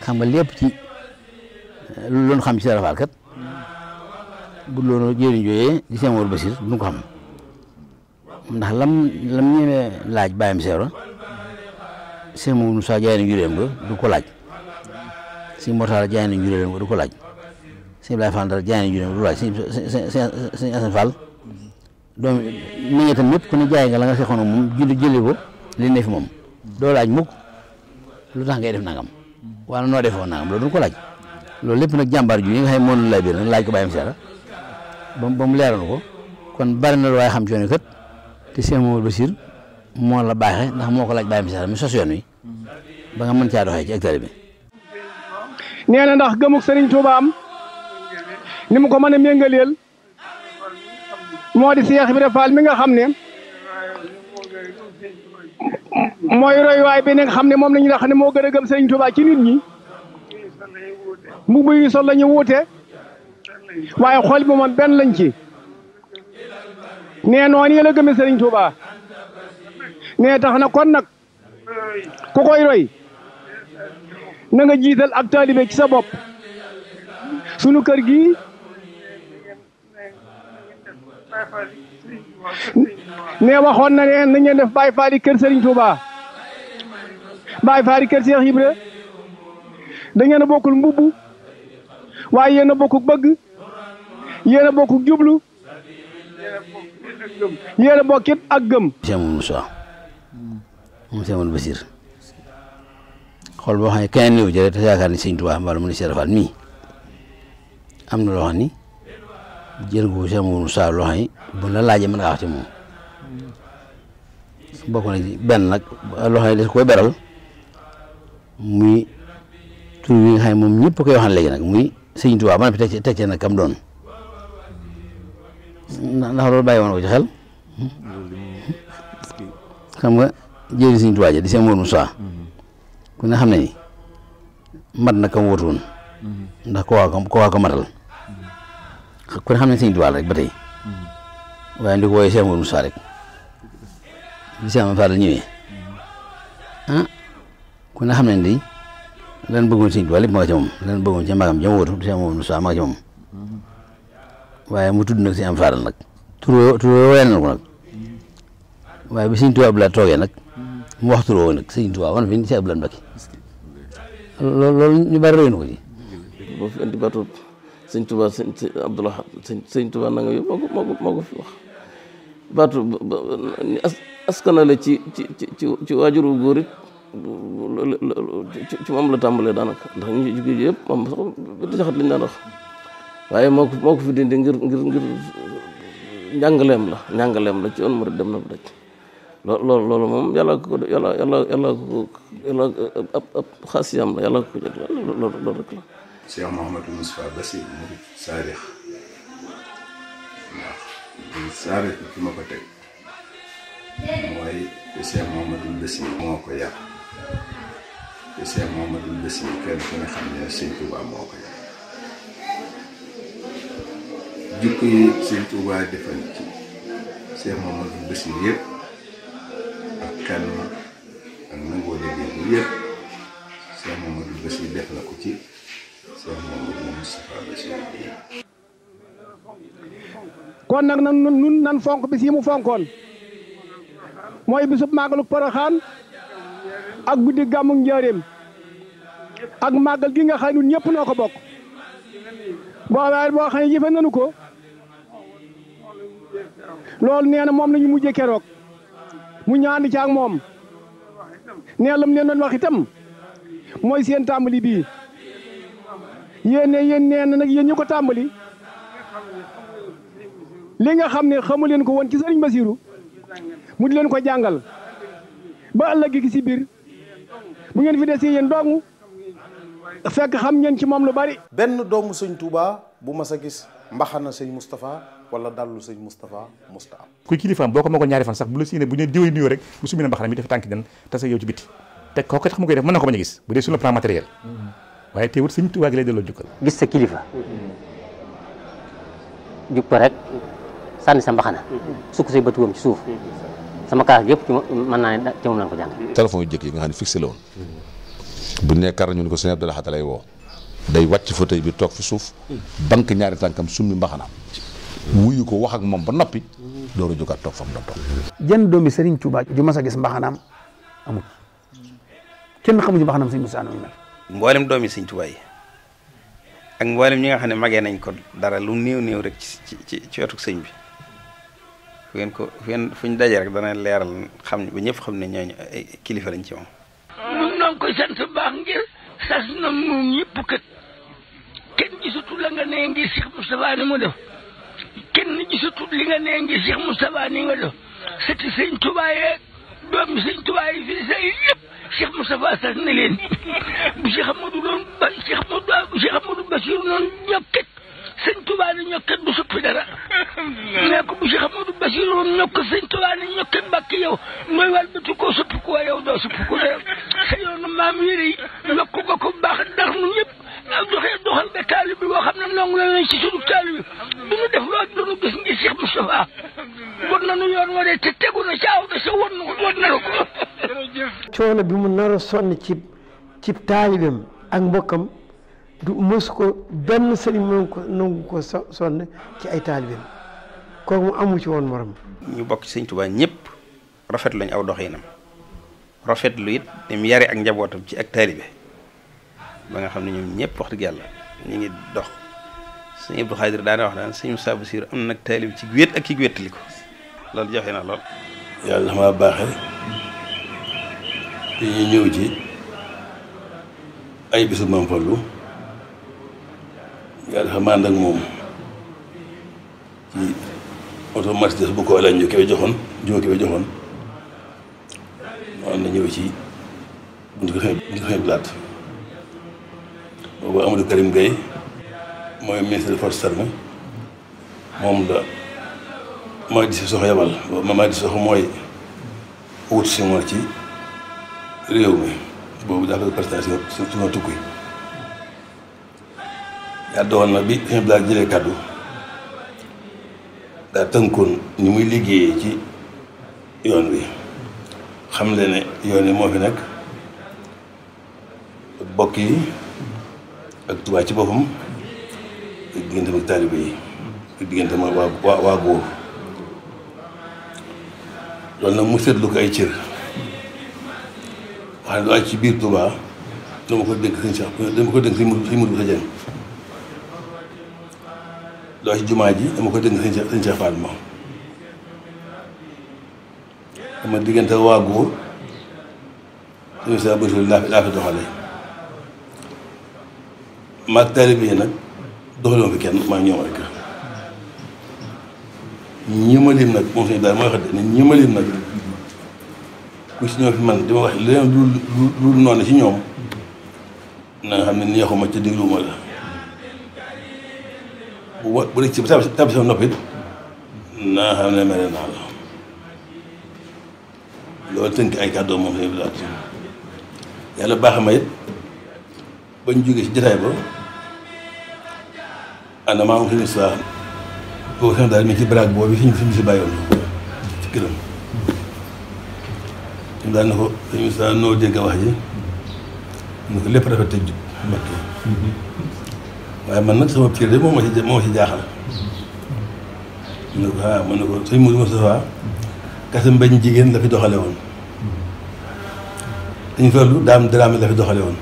xam nga lépp ci eh, lu doon xam ci Serigne Fall kat bu di Serigne Bassir du ko xam ndax lam lam ñemee laaj bàyyam seero Serigne Mourou Moussa jaay na njuréem ba du ko laaj Serigne Mortala jaay na njuréem ba du ko laaj Serigne Blaye Fall dara jaay na njuréem du laaj Serigne Assane Fall doom mi ngi tam ñëpp ku ne jaay nga la nga fexoon moom julli julli ko li ne fi moom doo laaj mukk lu tax ngay def nangam wala noo defoo nangam loolu du ko laaj loolu lépp nag jàmbaar ju yi nga xam ne moom la biir laaj ko bàyyam seera ba ba mu leeral ko kon bari na lu waaye xam coono kat te Cheikh Mamadou Bassir moo la baaxee ndax moo ko laaj bàyyam seera mi sos yoon wi ba nga mën caa doxee ci hectare ndax gëmug Serigne Touba am ni mu ko mën a méngaleel moo di Cheikh bi Fall mi nga xam ne mooy royuwaay bi nga xam ne moom la ñu xam ne moo gën a gëm Serigne Touba ci nit ñi mbubb yi sol la ñu wuute waaye xool bi moom benn lañ ci nee noonu la gëmee Serigne Touba nee tax na kon nag ku koy roy na nga jiital ak taalibe ci sa bopp sunu kër gi. ne waxoon na ne nañ leen def Baye Fall yi kër Serigne Touba Baye Fall yi kër Cheikh Ibra da ngeen a bokkul mbubb waaye yéen a bokku bëgg yéen a bokku jublu yéen a bokkit ak gëm. monsieur Moussa monsieur Amadou ne keneen ñëw jëlee te yaakaar ne Serigne Touba mbala mu ne mii am na loo xam jël ko Cheikh Mourou Sa loo xam bu la laajee mën ngaa wax ci moom bokk na ci benn nag loo xam ne des koy beral muy tur wi nga xam ne moom ñëpp koy waxaan léegi nag muy Sëñ Tuubaa ba noppi teg ci nag kam doon ndax loolu bàyyi woon ko ci xel xam nga jëri Sëñ Tuubaa ji di Cheikh Mourou Sa ku ne xam ne ni mat na kam wóotu woon ko waa matal kon xam nañ sëñ Tuubaa rek ba tey waaye ndi ko wooyee Cheikh Mourou Moussa rek bi Cheikh Mourou Fall ñëwee ah kon na xam nañ ni lan bëggoon sëñ Tuubaa lépp ma nga ca moom lan bëggoon ca magam jëm wóotu Cheikh Mourou Moussa ma nga ca moom waaye mu tudd nag si am faaral nag tur tur wooyee na ko nag waaye bi sëñ Tuubaa bu la toogee nag mu wax tur woo nag sëñ Tuubaa wan fi si Abdoulaye Mbacké loolu loolu ñu bari réew na ko ci sëñ tuba sëñ Abdoulaye sëñ sëñ Touba na nga moo ko fi wax baatu askana la ci ci ci ci waajuru góor it ci moom la tàmbalee daanaka ndax ñu jigéen yëpp moom sax bët jaxat lañ daan waaye moo ko moo fi dindi ngir ngir ngir njàngaleem la njàngaleem la ci yoon murid dem na bu daj loolu loolu moom yàlla ko yàlla yàlla yàlla ko yàlla ab la yàlla ko jël loolu loolu rek la Cheikh Mouhamadou Moustapha Basir murid saadix ndax murid saadix bi ko teg mooy te Cheikh Mouhamadou moo ko yar te Cheikh Mouhamadou Basir kenn xam ne Sëñ Tuubaa moo ko yar jukk yi Sëñ Tuubaa defal ci Cheikh Mouhamadou Basir yëpp ak calme ak nangoo liggéey bi yëpp Cheikh Mouhamadou Basir def na ko ci kon nag nag nun nan fonk bis yi mu fonkoon mooy bisub màggalu Poroxaan ak guddi gàmmu njaareem ak màggal gi nga xam ne ñëpp noo ko bokk boo waaye boo xam ne nanu ko loolu nee na moom la ñu mujjee keroog mu ñaandi ci moom nee lam leen doon wax itam mooy seen tàmbali bii yéen ne yéen nee na nag yéen ñu ko tàmbali li nga xam ne xamu leen ko woon ci sëriñ Basiiru mu di leen ko jàngal ba ëllëg gi si biir bu ngeen fi desee yéen doomu fekk xam ngeen ci moom lu bari. benn doomu sëñ Touba bu mas a gis mbaxana sëñ Moustapha. wala dallu sëñ Moustapha musta am kuy kilifaam boo ko moo ko ñaari fan sax bu la siine bu ñu diwee nuyoo rek bu sumi na mbaxana mi dafa tànk den te sa yow ci bitti te kooku tax mu koy def mën na ko bañ gis bu dee sur le waaye teewul sëñ Tuubaa gi lay delloo jukkal gis sa kilifa jub ko rek sànni sa mbaxana sukk say batuwam ci suuf sama kaas yëpp ci naa ne ci moom ko jàng yi nga ne fixé la woon buñ ne kar ñun ko sëñ Abdou lay woo day wàcc fauteuil bi toog fi suuf banque ñaari tànkam summi mbaxanaam wuyu ko wax moom ba noppi door a jógaat toog fam doon toog jën doomi Serigne Touba ju mas gis mbaxanaam amul kenn xamuñu mbaxanaam sëñ Moussa Anam mel mboolem doomi sëñ Tuubaa yi ak mboolem ñi nga xam ne magee nañ ko dara lu néew néew rek ci ci sëñ bi fu ñu daje rek dana leeral xam ba ñëpp xam ne ñooñu ay kilifa lañ ci moom. nun noo koy sant baax ngir sas na nun ñëpp kët kenn gisatu la nga nee ngir Cheikh Moustapha ni mu def kenn gisatu li nga nee ngir Cheikh Moustapha ni nga def sëti sëñ Tuubaa doomi sëñ Tuubaa fii say yëpp. Cheikh Moustapha Sall ne leen bu Cheikh Amadou doon ba Cheikh Amadou Cheikh Amadou Bachir noonu ñokket sëñ Tuubaa ne ñokket du soppi dara. ne ko bu Cheikh Amadou Bachir noonu ñokk sëñ Tuubaa ne ñokket mbàkk yow mooy wàl batu koo soppi ko yow doo soppi ko dara sa yoonu maam yére yi yokk nga ko baax ndax ñun ñëpp a doxee doxal nga taali bi boo xam ne nangu nañ yoon waree te tegu na caaw na sa war na ko war na ko coono bi mu nar a sonn ci ci taalibeem ak mbokkam du mësu ko benn sëriñ mu ko nangu ko sonn ci ay taalibeem kooku mu amu ci woon morom. ñu bokk ci sëñ Tuubaa ñëpp rafet lañ aw doxinam rafet lu it dem yare ak njabootam ci ak taalibe ba nga xam ne ñoom ñëpp wax dëgg yàlla ñu ngi dox sëñ Abdou Xaadir daana wax daan sëñ Moussa Bassir am nag taalibe ci wéet ak ci wéetali ko loolu joxe na lool. yàlla na baaxee. dañuy ñëw ci ay bisu Maam Fallu nga dafa mànd moom ci oto bu ko alañ ñu koy joxoon joo koy joxoon moo am na ñëw ci buntu ko buntu ko xeeb laat boobu Amadou Karim Gueye mooy ministre des forces armées moom la Madi Soxo yabal Madi Soxo mooy wut si moom ci réew mi boobu dafa prestation surtout na tukki yaa doon na bi sëñ Abdoulaye jëlee kaddu daa tënkoon ni muy liggéeyee ci yoon wi xam le ne yoon yi moo fi nekk bokk yi ak Tuubaa ci boppam ak diggante ak taalibe yi ak diggante ak waa waa góor loolu nag mu seetlu ko ay cër waaye lu aj ci biir Touba dama ko dénk sëñ Cheikh dama ko dénk sëñ Modou sëñ Modou Bousso lu aj ci jumaa ji dama ko dénk sëñ Cheikh sëñ Cheikh Fatma dama diggante waa góor sëñ Cheikh Bousso laa fi laa fi doxale maag taalibe yi nag doxalewuma fi kenn maa ñoom rek ñi ma lim nag moom suñu daal mooy wax de ñi ma lim nag ku si ñëw fi man dama wax leneen lu lu lu noonu ci ñoom na nga xam ne neexuma ca dégluwuma la bu wa bu dee ci tab tab sama nopp it naa xam ne mere naa la loolu tënk ay kàddoom moom lañu daal yàlla baax ma it bañ jógee ci jotaay ba ànd maa ngi fi mu saa boobu daal mi ci baraag boobu fi ñu fi ñu si bàyyoon ci këram. daan na ko noo dégg wax ji ñu ko lépp rafet te jub mbokk waaye man nag sama piir de moom moo ci moo ci jaaxal mu ne ko ah mu ne ko sëñ Mourou jigéen la fi doxale woon dañu farlu daam daraame la fi doxale woon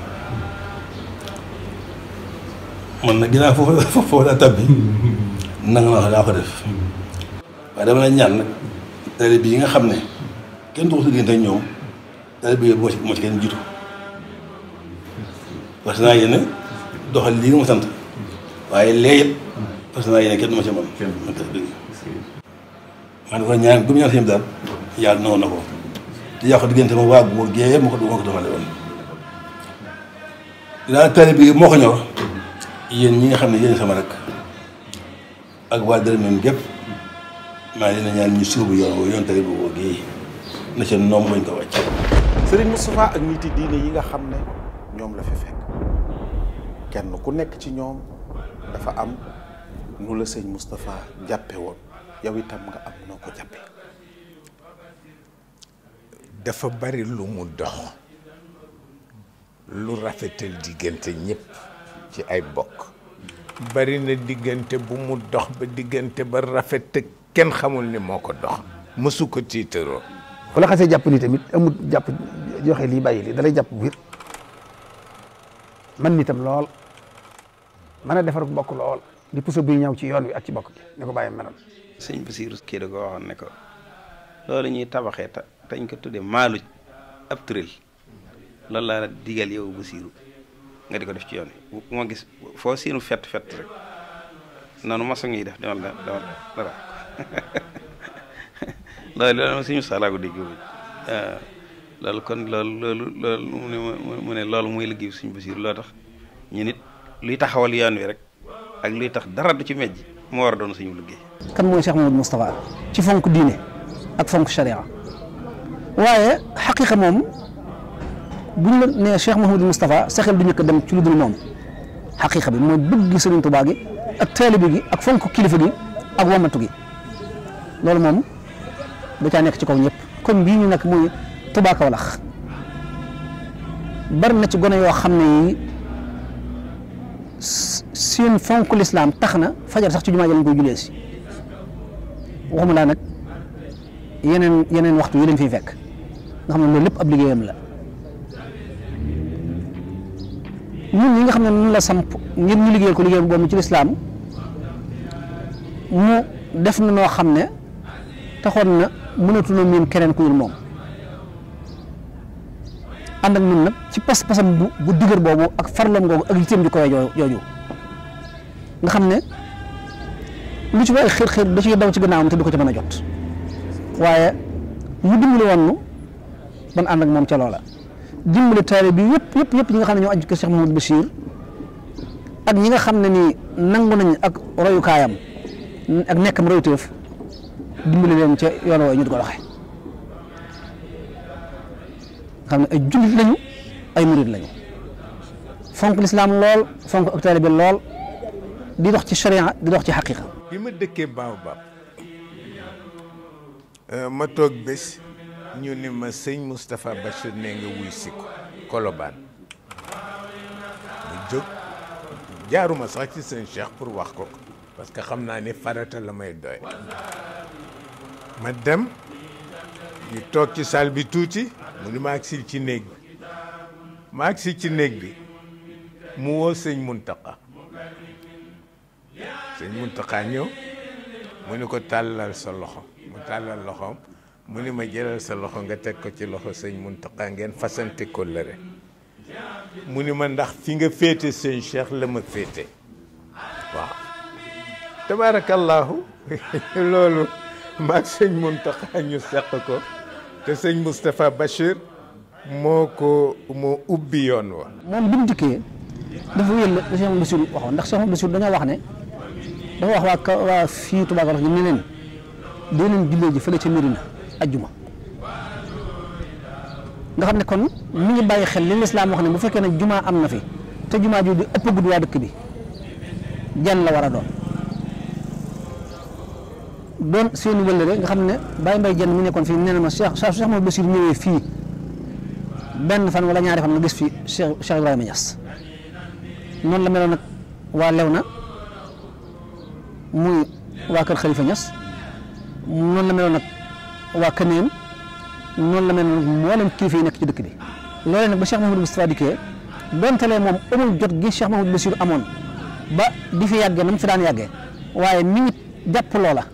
man nag ginnaaw foofu foofu foofu daa tabbi nanga ma wax daa ko def waaye dama la ñaan nag tari bi yi nga xam ne kenn du ko si diggante ñoom taalibe bi moo ci moo ci kenn jiitu parce que naa yéen doxal lii nga sant waaye lee parce que naa yéen kenn du ma ci mën man tax dëgg ko te yàqu ko ma ko doxale woon daal taalibe moo ko ñor yéen ñi nga xam ne yéen sama rek ak waa dërëm même gépp maa ngi leen ñaan ñu suubu yoon yoon taalibe bi góor na ca noom mañ ko wàcc Serigne Moustapha ak niti diine yi nga xam ne ñoom la fi fekk kenn ku nekk ci ñoom dafa am nu la sëñ Moustapha jàppe woon yow itam nga am noo ko jàppe dafa bari lu mu dox lu rafetal diggante ñépp ci ay bokk bari na diggante bu mu dox ba diggante ba rafet te kenn xamul ni moo ko dox mësu ko tiitaroo bu la xasee jàpp ni tamit amul jàpp joxe lii bàyyi lii dalay jàpp bu wér man nitam lool mën a defarug bokk lool di puso buy ñëw ci yoon wi ak ci bokk bi ni ko bàyyi meloon sëñ Basiiru kii da ko waxoon ne ko loolu ñuy tabaxee ta tañ ko tuddee maaluj ab turil loolu la digal yow siiru nga di ko def ci yoon wi moo gis foo siinu fett fett rek noonu maçon yi def demal demal dara loolu loolu suñu salaagu dégg waaw euh, loolu kon loolu loolu loolu mu ne loolu muy liggéey suñ Basiiru loo tax ñu nit luy taxawal yoon wi rek ak luy tax dara du ci mejj moo war doon suñu liggéey. kan mooy Cheikh Mamadou Moustapha ci fonk diine ak fonk sharia waaye xaqiqa moom buñ la nee Cheikh Mamadou Moustapha sa du njëkk a dem ci lu dul moom xaqiqa bi mooy bëgg Sëriñ Tuubaa ak taalibe gi ak fonk kilifa gi ak wamatu gi loolu moom da caa nekk ci kaw ñëpp comme bii ñu nekk muy. Touba Kaolack bari na ci gone yoo xam ne yi seen fonk lislaam tax na fajar sax ci jumaa ji lañ koy julee si waxuma laa nag yeneen yeneen waxtu yi leen fiy fekk nga xam ne loolu lépp ab liggéeyam la ñun ñi nga xam ne nun la samp ngir ñu liggéeyal ko liggéey boobu ci lislaam mu def na noo xam ne taxoon na mënatu na miin keneen ku dul moom ànd ak ñun nag ci pas-pasam bu bu boobu ak farlam googu ak yitteem ju koy jooju nga xam ne lu ci waay xër xër da ciy daw ci gannaawam te du ko ci mën a jot waaye mu dimbali woon ban ànd ak moom ca loola dimbali taale bi yëpp yëpp yëpp ñi nga xam ne ñoo aju ko Cheikh Mamadou Bachir ak ñi nga xam ne nii nangu nañ ak royukaayam ak nekkam royuteef dimbali leen ca yoon woowu ñu di ko doxee xam ne ay jullit lañu ay murid lañu fonk lislaam lool fonk ak taalibe bi lool di dox ci sharia di dox ci xaqiqa bi ma dëkkee Baobab euh, ma toog bés ñu ni ma sëñ Moustapha Bachir ne nga wuy si ko Colobane mu jóg jaaruma sax ci sëñ Cheikh pour wax ko ko parce que xam naa ni farata la may doy ma dem ñu toog ci salle bi tuuti mu ni ma agsil ci néeg bi ma agsi ci néeg bi mu woo sëñ Muntaqa sëñ Muntaqa ñëw mu ni ko tàllal sa loxo mu tàllal loxoom mu ni ma jëlal sa loxo nga teg ko ci loxo sëñ Muntaqa ngeen fasante kóllëre mu ni ma ndax fi nga féete sëñ Cheikh la ma féete waaw tabaarakallaahu loolu maag sëñ Muntaqa ñu seq ko te sëñ Moustapha Bachir moo ko moo ubbi yoon wa moom bi mu dikkee dafa wéyal la Cheikh Mouhamadou Bassirou waxoon ndax Cheikh Mouhamadou Bassirou dañoo wax ne dafa wax waa ka waa fii Touba Gallas ñu ne leen dee leen ji fële ca Mérina ajjuma nga xam ne kon mi ngi bàyyi xel li lislaam wax ne bu fekkee ne jumaa am na fi te jumaa jooju ëpp gudd waa dëkk bi jan la war a doon doon seen wëllëre nga xam ne Baye Mbaye Jenn mi nekkoon fii nee ma Cheikh saa su Cheikh Mouhamadou Bassir ñëwee fii benn fan wala ñaari fan nga gis fii Cheikh Ibrahima Niass noonu la meloon nag waa Léona muy waa kër Khalifa Niass noonu la meloon nag waa Kaneen noonu la meloon nag mboolem kilifa yi nekk ci dëkk bi loolee nag ba Cheikh Mouhamadou Moustapha dikkee dontelee moom amul jot gi Cheikh Mouhamadou Bassir amoon ba di fi yàggee nam fi daan yàggee waaye mi ngi jàpp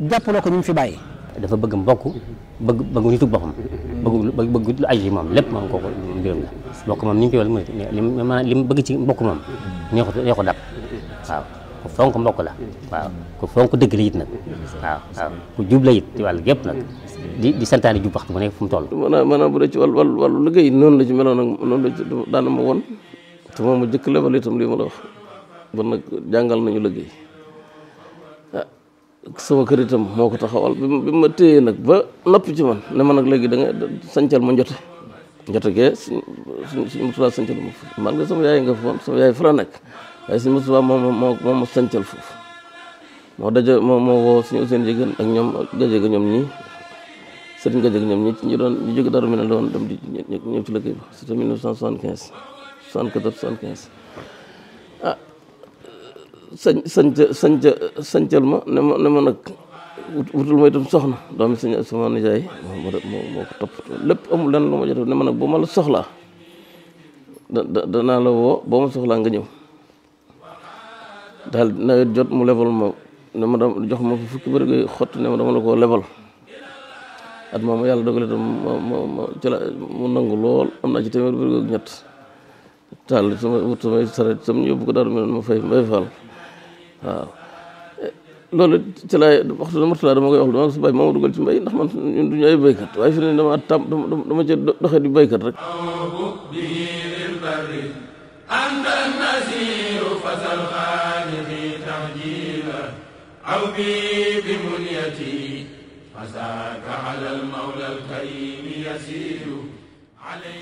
jàppaloo ko ñu fi bàyyi. dafa bëgg mbokk bëgg bëgg nitu boppam bëgg bëgg lu aju ci moom lépp moom kooku mbiram la mbokk moom ni mu fi wal ma li mu bëgg ci mbokk moom nee ko nee ko dab ku fonk mbokk la waaw ku fonk dëgg la it nag waaw waaw ku jub la it ci wàllu gépp nag di di santaane jub waxtu bu nekk fu mu toll maanaam maanaam bu dee ci wàllu wàllu wàllu liggéey noonu la ci meloon la ci ma woon moom mu jëkk lebal itam lii ma la wax bon nag jàngal nañu liggéey sama kër itam moo ko taxawal bi ma bi ma téye nag ba noppi ci man ne ma nag léegi da nga sancal ma njote njote gee suñ suñ Moustapha sancal ma foofu man nga sama yaay nga foon sama yaay fara nekk waaye suñ Moustapha moom moo moo ma sancal foofu moo daje moo moo woo suñu Ousseynou Diegane ak ñoom gaje ga ñoom ñii sëriñ gaje ga ñoom ñii ñu doon ñu jóge dara mu ne la woon dem di ñëw ci lëkkëy ba c'était 1975 74 75 sañ sañ sañ sañcal ma ne ma ne ma nag wutul ma itam soxna doomi sañ sama nijaay moo moo ko topp lépp amul lenn lu ma jot ne nga ñëw daal nawet jot mu lebal ma ne ma dama jox ma fukki bëri ngay xott ne ma dama la koo lebal at moom yàlla dogale tam ma ma ma ci mu nangu lool am naa ci téeméer bëri ak ñett taal sama wut samay saret sam ñu yóbbu ko daal ma fay mbay faal waaw loolu ci laay waxtu martulaa dama koy wax dama su bay moo ma dugal ci mbay ndax man ñun duñu ay béykat waaye fi ne dama tam dama ci doxee di béykat rek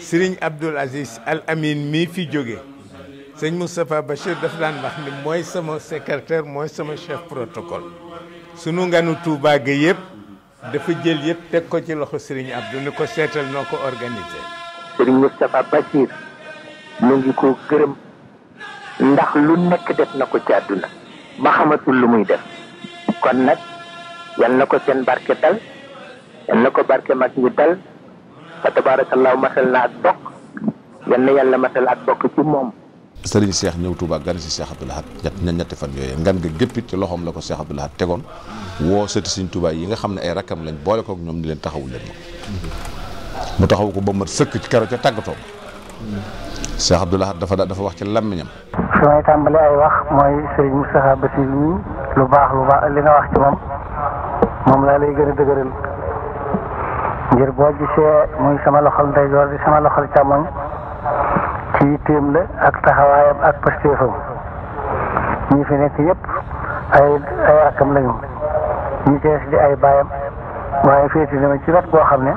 Sëriñ Abdul Aziz Al Amin mii fi jóge sëñ Moustapha Bachir daf daan wax ni mooy sama secrétaire mooy sama chef protocole sunu nganu Touba ga yëpp dafa jël yëpp teg ko ci loxo Serigne Abdou ni ko seetal noo ko organisé. Serigne Moustapha Bachir mu ngi ko gërëm ndax lu nekk def na ko ci àdduna ba xamatul lu muy def kon nag yal na ko seen barke dal yal na ko barke mag ñi dal fa tabaarakallaahu matal na ak bokk yal na yàlla matal ak bokk ci moom. sëriñ seex ñëw Touba gan si Cheikh Abdou Lahad ñett ñetti fan yooyu ngan nga géppit ci loxoom la ko seex Abdou Lahad tegoon woo sëti sëriñ Touba yi nga xam ne ay rakkam lañ boole kook ñoom ni leen taxawul leen ma mu taxaw ko ba ma sëkk ci karo ca tàgg Cheikh Abdou Lahad dafa dal dafa wax ci làmmiñam su may tàmbali ay wax mooy sëriñ Moustapha Bassirou lu baax lu baax li nga wax ci moom moom laa lay gën a dëgëral ngir boo gisee muy sama loxol ndeyjoor di sama loxol càmmoñ ci yitteem la ak taxawaayam ak pastéefam ñi fi nekk yëpp ay ay rakkam lañu ñi tees di ay baayam waaye féete na ma ci wet boo xam ne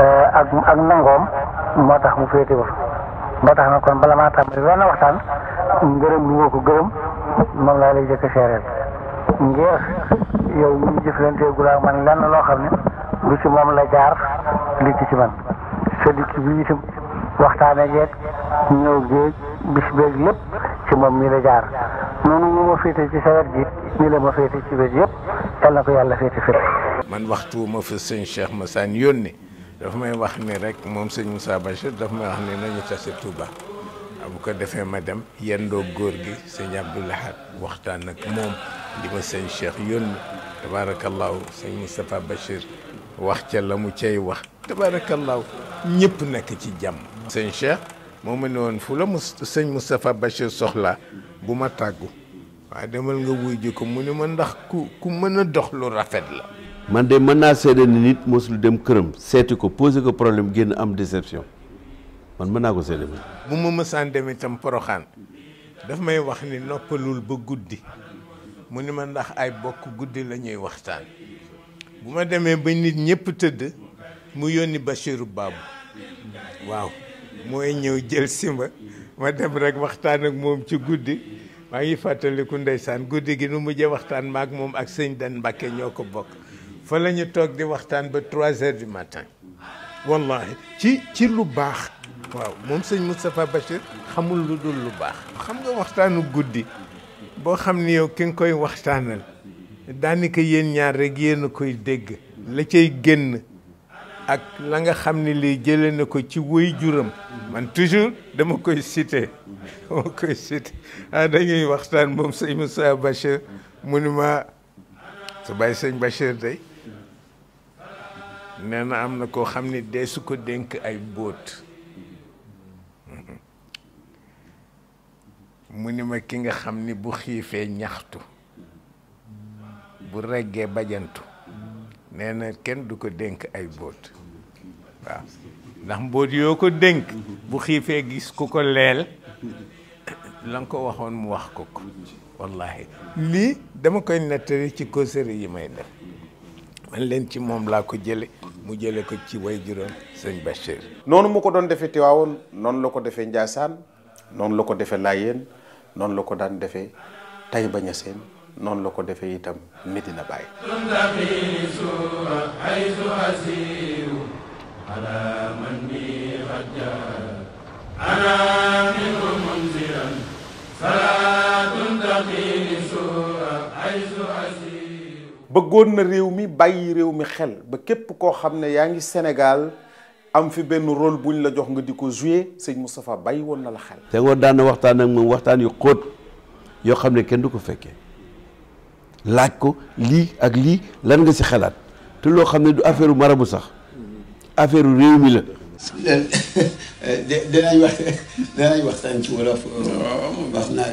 eh, ak ak nangoom moo tax mu féete ba ba tax na kon bala maa tàmbali benn waxtaan ngërëm lu nga ko gërëm moom laa lay jëkk a seereel ngir yow ñu jëflantee gulaa man lenn loo xam ne du ci moom la jaar li ci ci man sa dikk bi itam waxtaan ak yeeg ñëw moom ma féete ci sa wet gi ñu ma féete ci wet ma wax ni rek moom sëñ Moussa Bachir dafa nañu tase Touba bu ko defee ma dem yendoo góor gi sëñ waxtaan ak moom li ma sëñ Cheikh yónni tabaarakallaahu sëñ Moustapha Bachir wax ca la mu cay wax tabaarakallaahu ñëpp nekk ci jàmm. sëñ Cheikh moo ma ne woon fu la mu sëñ Moustapha Bachir soxla bu ma tàggu waaye demal nga wuy ko mu ne ma ndax ku ku mën a dox lu rafet la. man de mën naa seede ni nit mosul dem këram seeti ko posé ko problème génn am déception man mën naa ko seede man. bu ma mësaan dem itam poroxaan daf may wax ni noppalul ba guddi mu ni ma ndax ay bokk guddi la ñuy waxtaan bu ma demee ba nit ñëpp tëdd mu yónni Bachirou Babou waaw. mooy ñëw jël simba ma dem rek waxtaan ak moom ci guddi maa ngi fàttaliku ndeysaan guddi gi nu mujjee waxtaan maak moom ak sëñ den Mbàkke ñoo ko bokk fa lañu toog di waxtaan ba trois heures du matin wallahi ci ci lu baax waaw moom sëñ Moustapha Bachir xamul lu dul lu baax xam nga waxtaanu guddi boo xam ni yow ki nga koy waxtaanal daanaka yéen ñaar rek yéen a koy dégg la cay génn ak la nga xam ne lii jële na ko ci wéy juram man toujours dama koy cité dama koy cité ah dañuy waxtaan moom sëñ Moussa Bachir mu ni ma sa bàyyi sëñ Bachir day nee na am na koo xam ne dee su ko dénk ay bóot mu ki nga xam ni bu xiifee ñaxtu bu reggee bajantu nee na kenn du ko dénk ay bóot waaw ndax mboot yoo ko dénk bu xiifee gis ku ko leel la ko waxoon mu wax ko ko wallahi lii dama koy nettali ci kóosëri yi may def man leen ci moom laa ko jële mu jële ko ci way juróom sëñ Bachir noonu mu ko doon defee Tiwaawoon noonu la ko defee Njaasaan noonu la ko defee Laayeen noonu la ko daan defee Tayba Ñaseen noonu la ko defe itam Medina Baay bëggoon na réew mi bàyyi réew mi xel ba képp koo xam ne yaa ngi Sénégal am fi benn rôle buñ la jox nga di ko joué sëñ Moustapha bàyyi woon na la xel. te ngoon daan waxtaan ak moom waxtaan yu xóot yoo xam ne kenn du ko fekkee laaj ko lii ak lii lan nga ci xalaat te loo xam ne du affaire marabu sax. affaire réew mi la. dinañ wax dinañ waxtaan ci wolof. wax naa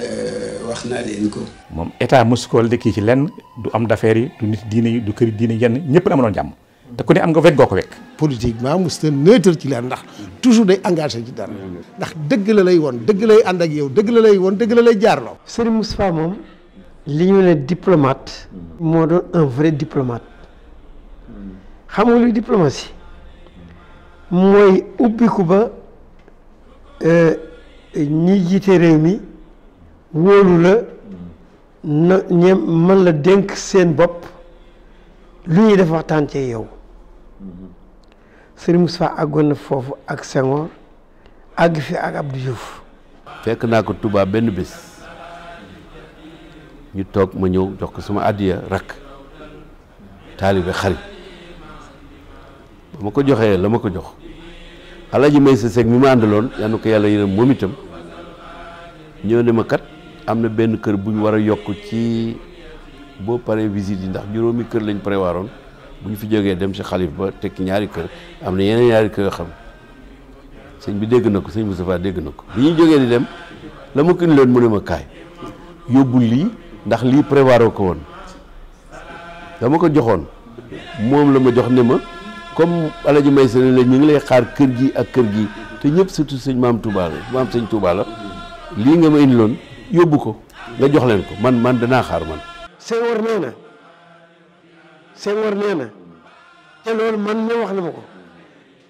wax naa leen ko. moom état mosu ko kii ci lenn du am d'affaires yi du nit diine yi du kër diine yenn ñëpp na amaloon jàmm. te ku ne am nga wekk goo ko wekk. politiquement mos na neutre ci leen ndax toujours day engagé ndax dëgg la lay woon dëgg lay ànd ak yow dëgg la lay woon dëgg la lay jaarloo. Serigne Moustapha moom li ñu ne diplomate. moo doon un vrai diplomate. xam nga luy mooy ubbiku ba eh, ñi jiite réew mi wóolu la na ñem mën la dénk seen bopp lu ñuy def waxtaan cee yow Serigne Moustapha àggoon na foofu ak Senghor àgg fi ak Abdou Diouf fekk naa ko Touba benn bés ñu toog ma ñëw jox ko sama àddiya rakk taalibe xarit ba ma ko joxee la ma ko jox Alaaji may sa seeg mi ma àndaloon yal na ko yàlla yërëm moom itam ñëw ne ma kat am na benn kër buñ war a yokk ci boo paree visite yi ndax juróomi kër lañ préwaroon woon bu ñu fi jógee dem si xalif ba tekki ñaari kër am na yeneen ñaari kër yoo xam sëñ bi dégg na ko sëñ Moustapha dégg na ko bi ñuy jógee di dem la ma ko leen mu ne ma kaay yóbbu lii ndax lii prévoir ko woon dama ko joxoon moom la ma jox ne ma comme Alaji May Sene la ñu ngi lay xaar kër gi ak kër gi te ñëpp sutu sëñ maam Touba maam sëñ Touba la lii nga ma indi loon yóbbu ko nga jox leen ko man man danaa xaar man. Senghor nee na Senghor nee na te loolu man ñoo wax na ma ko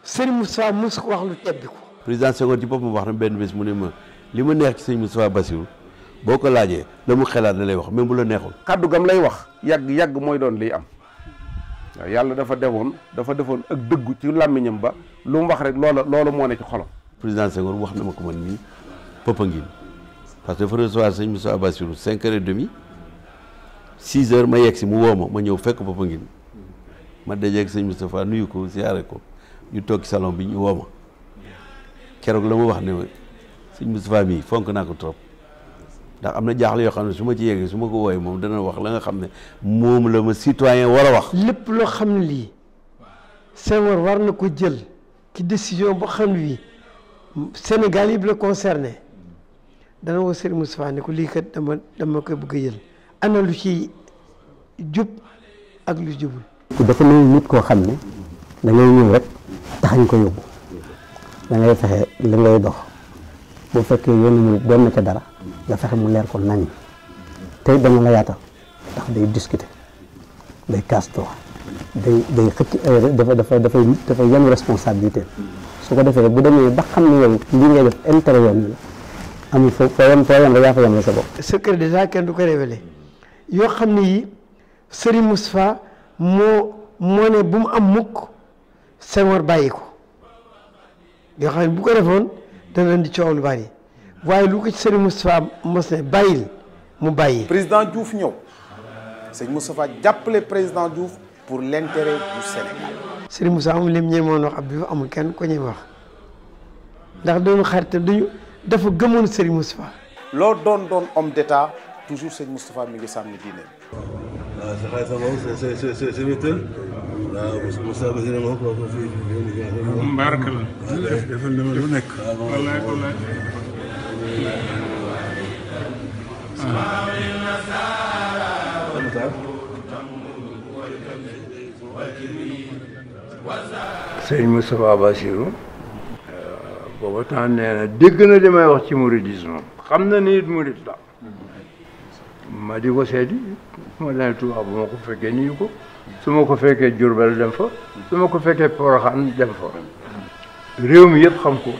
sëñ Moussa mos ko wax lu tebbi ko. président Senghor ci mu wax na benn bés mu ne ma li ma neex ci sëñ Moussa Bassirou boo ko laajee la mu xelaat la lay wax même bu la neexul. kàddu gam lay wax yàgg yàgg mooy doon liy am. waa yàlla dafa defoon dafa defoon ak dëggu ci làmmiñam ba lu mu wax rek loola loolu moo ne ci xolam. président Senghor wax na ma ko man nii Popenguine parce que dafa recevoir sëñ Moussa Bassirou cinq heures et demi six heures ma yegg si mu woo ma ma ñëw fekk Popenguine ma dajeeg sëñ Moustapha nuyu ko siyaare ko ñu toog ci salon bi ñu woo ma keroog la ma wax ne ma sëñ Moustapha mii fonk naa ko trop. ndax am na jaaxle yoo xam ne su ma ci yeggee su ma ko wooyee moom dana wax la nga xam ne moom la ma citoyen war a wax lépp loo xam ne lii Senghor war na ko jël ci décision boo xam ne bii Sénégal la concerné dana woo Serigne Moustapha ne ko lii kat dama dama koy bëgg a jël ana lu ci jub ak lu jubul dafa mel nit koo xam ne da ngay ñëw rek taxañ ko yóbbu da ngay fexe li ngay dox bu fekkee yoonu mu doon na ca dara nga fexe mu leer ko nañ tey bañ la yaata ndax day discuter day casse droit day day xëcc euh, dafa dafa dafay dafa yan responsabilité su ko defee bu demee ba xam ne yow lii ngay def intérêt yoon bi la amul foo foo yem foo yem rek yaa fa yem la sa bopp. secret déjà du ko révélé yoo xam ne yi Serigne Moustapha moo moo ne bu mu am mukk Senghor bàyyi ko yoo xam ne bu ko defoon dana leen di coow lu bari waaye lu ci sëriñ Moustapha mos ne bàyyil mu bàyyi. président Diouf ñëw sëñ Moustapha jàppale président Diouf pour l' intérêt du Sénégal. sëriñ Moustapha moom lim ñeemoon wax ab bi fa amul kenn ko ñuy wax ndax doon xaritam dañu dafa gëmoon sëriñ Moustapha. loo doon doon homme d' toujours sëñ Moustapha mi ngi sàmm diine. waaw sa xarit sa moom nekk. Ah, sëñ Moustapha Bassirou booba temps nee na dégg na li may wax ci mouridisme xam na ni it murid la ma di ko seeti ma leen Tuubaa bu ma ko fekkee nuyu su ma ko fekkee Jurbel dem fa su ma ko fekkee Poroxaan dem fa réew mi yëpp xam ko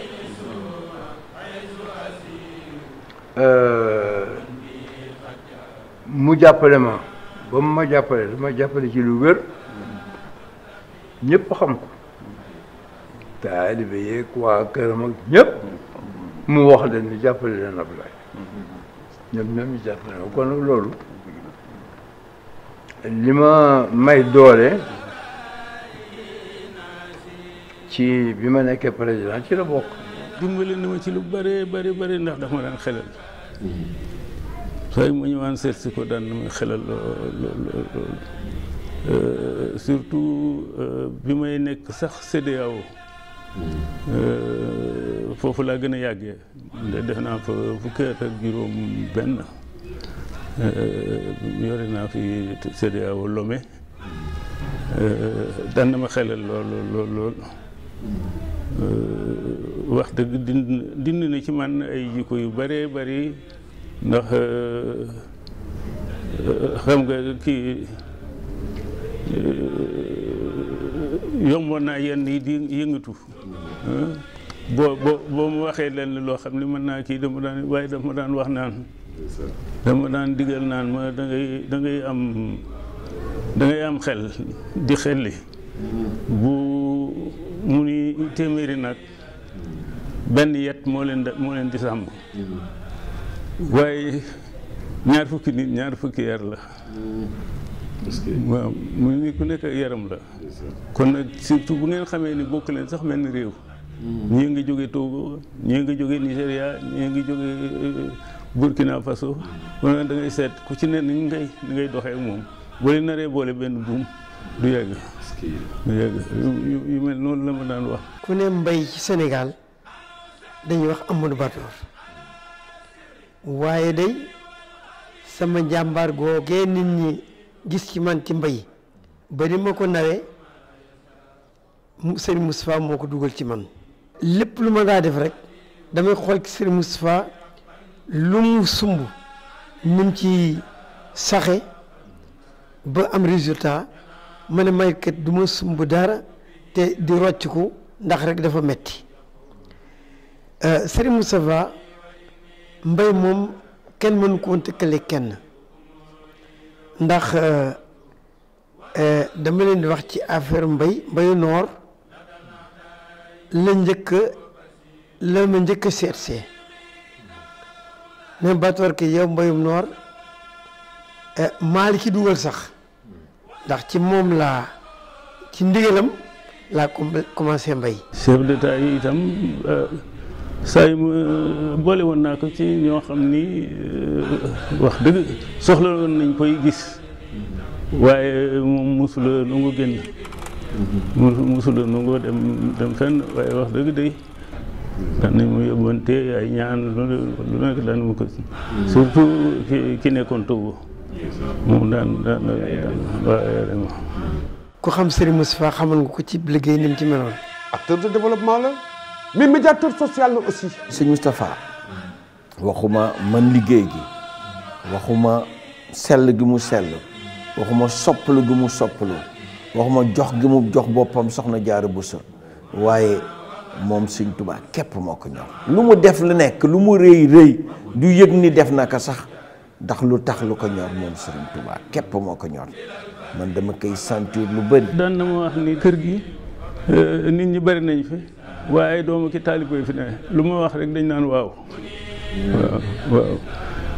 Euh, mu jàppale ma ba mu ma jàppale ma jàppale ci lu wér ñépp xam ko taalibe yeeg waa këram ak ñëpp mu wax leen ni jàppale leen Ablaye ñoom ñoom ñu jàppale ma kon loolu li ma may doole ci bi ma nekkee président ci la bokk dimbale na ma ci lu bare bare bare ndax dafa ma daan xelal mu ñëwaan seet si ko daan euh, surtout euh, bi may nekk sax CEDEAO euh, foofu laa gën a yàggee def naa fa fukki at juróom benn yore naa fi CEDEAO Lomé daan na ma xelal lool lool wax dëgg dind dind na ci man ay jikko yu bëree bëri ndax euh, euh, xam nga kii euh, yomboon naa yenn yi di yëngatu boo boo boo mu waxee lenn loo xam ne mën naa kii dama daan waaye dama daan wax naan dama daan digal naan ma dangay ngay am da am xel di xelli bu mu ni téeméeri nag benn yet moo leen moo leen di sàmm waaye ñaar fukki nit ñaar fukki yar la waaw mu ni ku nekk yaram la kon nag surtout bu ngeen xamee ni bokk leen sax mel ni réew ñii ngi jóge Togo ñii ngi jóge Nigéria ñii nga jóge eh, Burkina Faso kon nag da ngay seet ku ci ne ni ngay ni ngay doxee moom boo leen naree boole benn buum du yàgg du yàgg yu mel noonu la ma daan wax ku ne mbay ci Sénégal dañuy wax Amadou Batoor waaye day sama njàmbaar googee nit ñi gis ci man ci mbay ba ni ma ko nawee sëriñ Moustapha moo ko dugal ci man lépp lu ma daa def rek damay xool ci sëriñ Moustapha lu mu sumb ni mu ci saxe ba am résultat ma ne may kat du ma sumb dara te di rocc ko ndax rek dafa metti Euh, Serigne Moustapha mbay moom kenn mënu ko tëkkale kenn ndax euh, euh, dama leen di wax ci affaire mbay mbayu noor la njëkk la ma njëkk a seetsee ne batoor ki yow mbayum noor maali ci dugal sax ndax ci moom laa ci ndigalam laa commencé mbay chef d'état yi itam saa yi ma euh, boole woon naa ko ci ñoo xam ni euh, wax dëgg soxla woon nañ koy gis waaye euh, moom mosula nungu génn mosula nungu dem dem fenn waaye wax dëgg day daan nañ mu yóbbante ay ñaan lu nekk daan mu ko surtout ki nekkoon Togo moom daan daan daan waaye ku xam Serigne Moustapha xamal nga ko ci liggéey ni ci meloon mais médiateur social la aussi. sëñ Moustapha waxuma man liggéey gi waxuma sell gi mu sell waxuma soppalu gi mu soppalu waxuma jox gi mu jox boppam soxna Jaara Buso waaye moom sëñ Tuubaa képp moo def lu nekk lu mu rëy rëy du ni def na ko sax ndax lu tax ko ñor moom sëriñ Tuubaa képp moo ko ñor man dama koy sentir lu bëri. daan na ma wax ni kër gi euh, nit ñi bari nañ fi. waaye doomu ki taalibe yi fi ne lu ma wax rek dañ naan waaw waaw waaw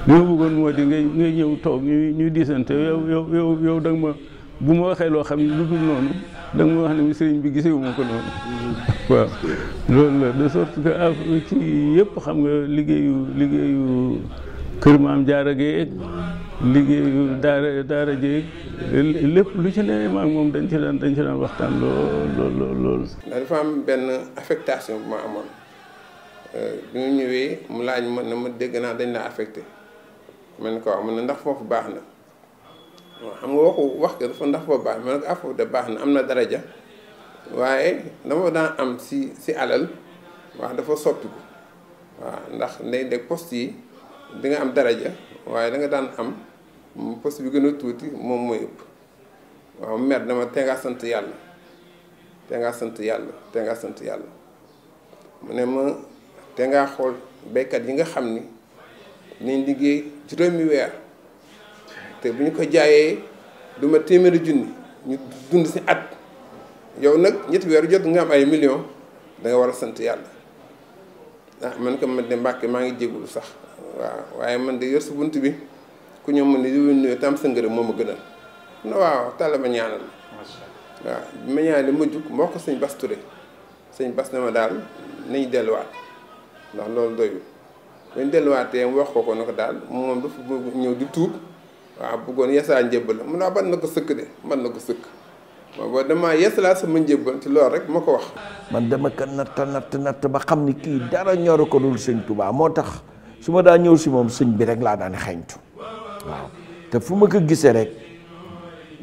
li ma bëggoon moo di ngay ngay ñëw toog ñuy ñuy diisante yow yow yow yow ma bu ma waxee loo xam ne lu dul noonu da ma wax ne sëriñ bi gisee wu ma ko noonu waaw loolu la de sorte que af ah, ci yëpp xam nga liggéeyu liggéeyu kër maam jaaragee liggéeyu daara daara jéeg lépp lu ci ne maak moom dañ ci daan dañ ci daan waxtaan lool lool lool lool. dafa am benn affectation bu ma amoon euh, bi mu ñëwee mu laaj ma ne ma dégg naa dañ laa affecté ma ne ko wax ma ndax foofu baax na waaw xam nga waxu wax ko ndax foofu baax na ma ah, de baax na am na daraja waaye dama daan am si si alal wax dafa soppiku waaw ndax ndey de post yi di nga am daraja waaye danga daan am. poste bi gën a tuuti moom mooy ëpp waaw maire dama tey sant yàlla tenga sant yàlla tey ngaa sant yàlla mu ne ma tey xool baykat yi nga xam ni nañ liggéey juróomi weer te bu ñu ko jaayee duma ma téeméeri junni ñu dund si at yow nag ñetti weer jot nga am ay million da war a sant yàlla ah man ko man de Mbàkke maa ngi jégulu sax waaw waaye man de yor si bunt bi ku ñëw mu ne li nuyu tam sa moom a gënal na waaw tàlla ma ñaanal waaw bi ma ñaanal ma jug moo ko sëñ Bas Touré sëñ Bas na ma daal nañ delluwaat ndax loolu doyul delluwaat delluwaatee mu wax ko ko ne ko daal moom dafa bëgg ñëw di tuub waaw bëggoon yasaa yesaa njëbbal mun naa ban na ko sëkk de man na ko sëkk waaw boo damaa yeesalaa sama njëbbal ci loolu rek ma ko wax man dama ko natt natt natt ba xam ni kii dara ñoru ko dul sëñ Touba moo tax su ma daa ñëw si moom sëñ rek laa daan xeeñtu waaw te fu ma ko gisee rek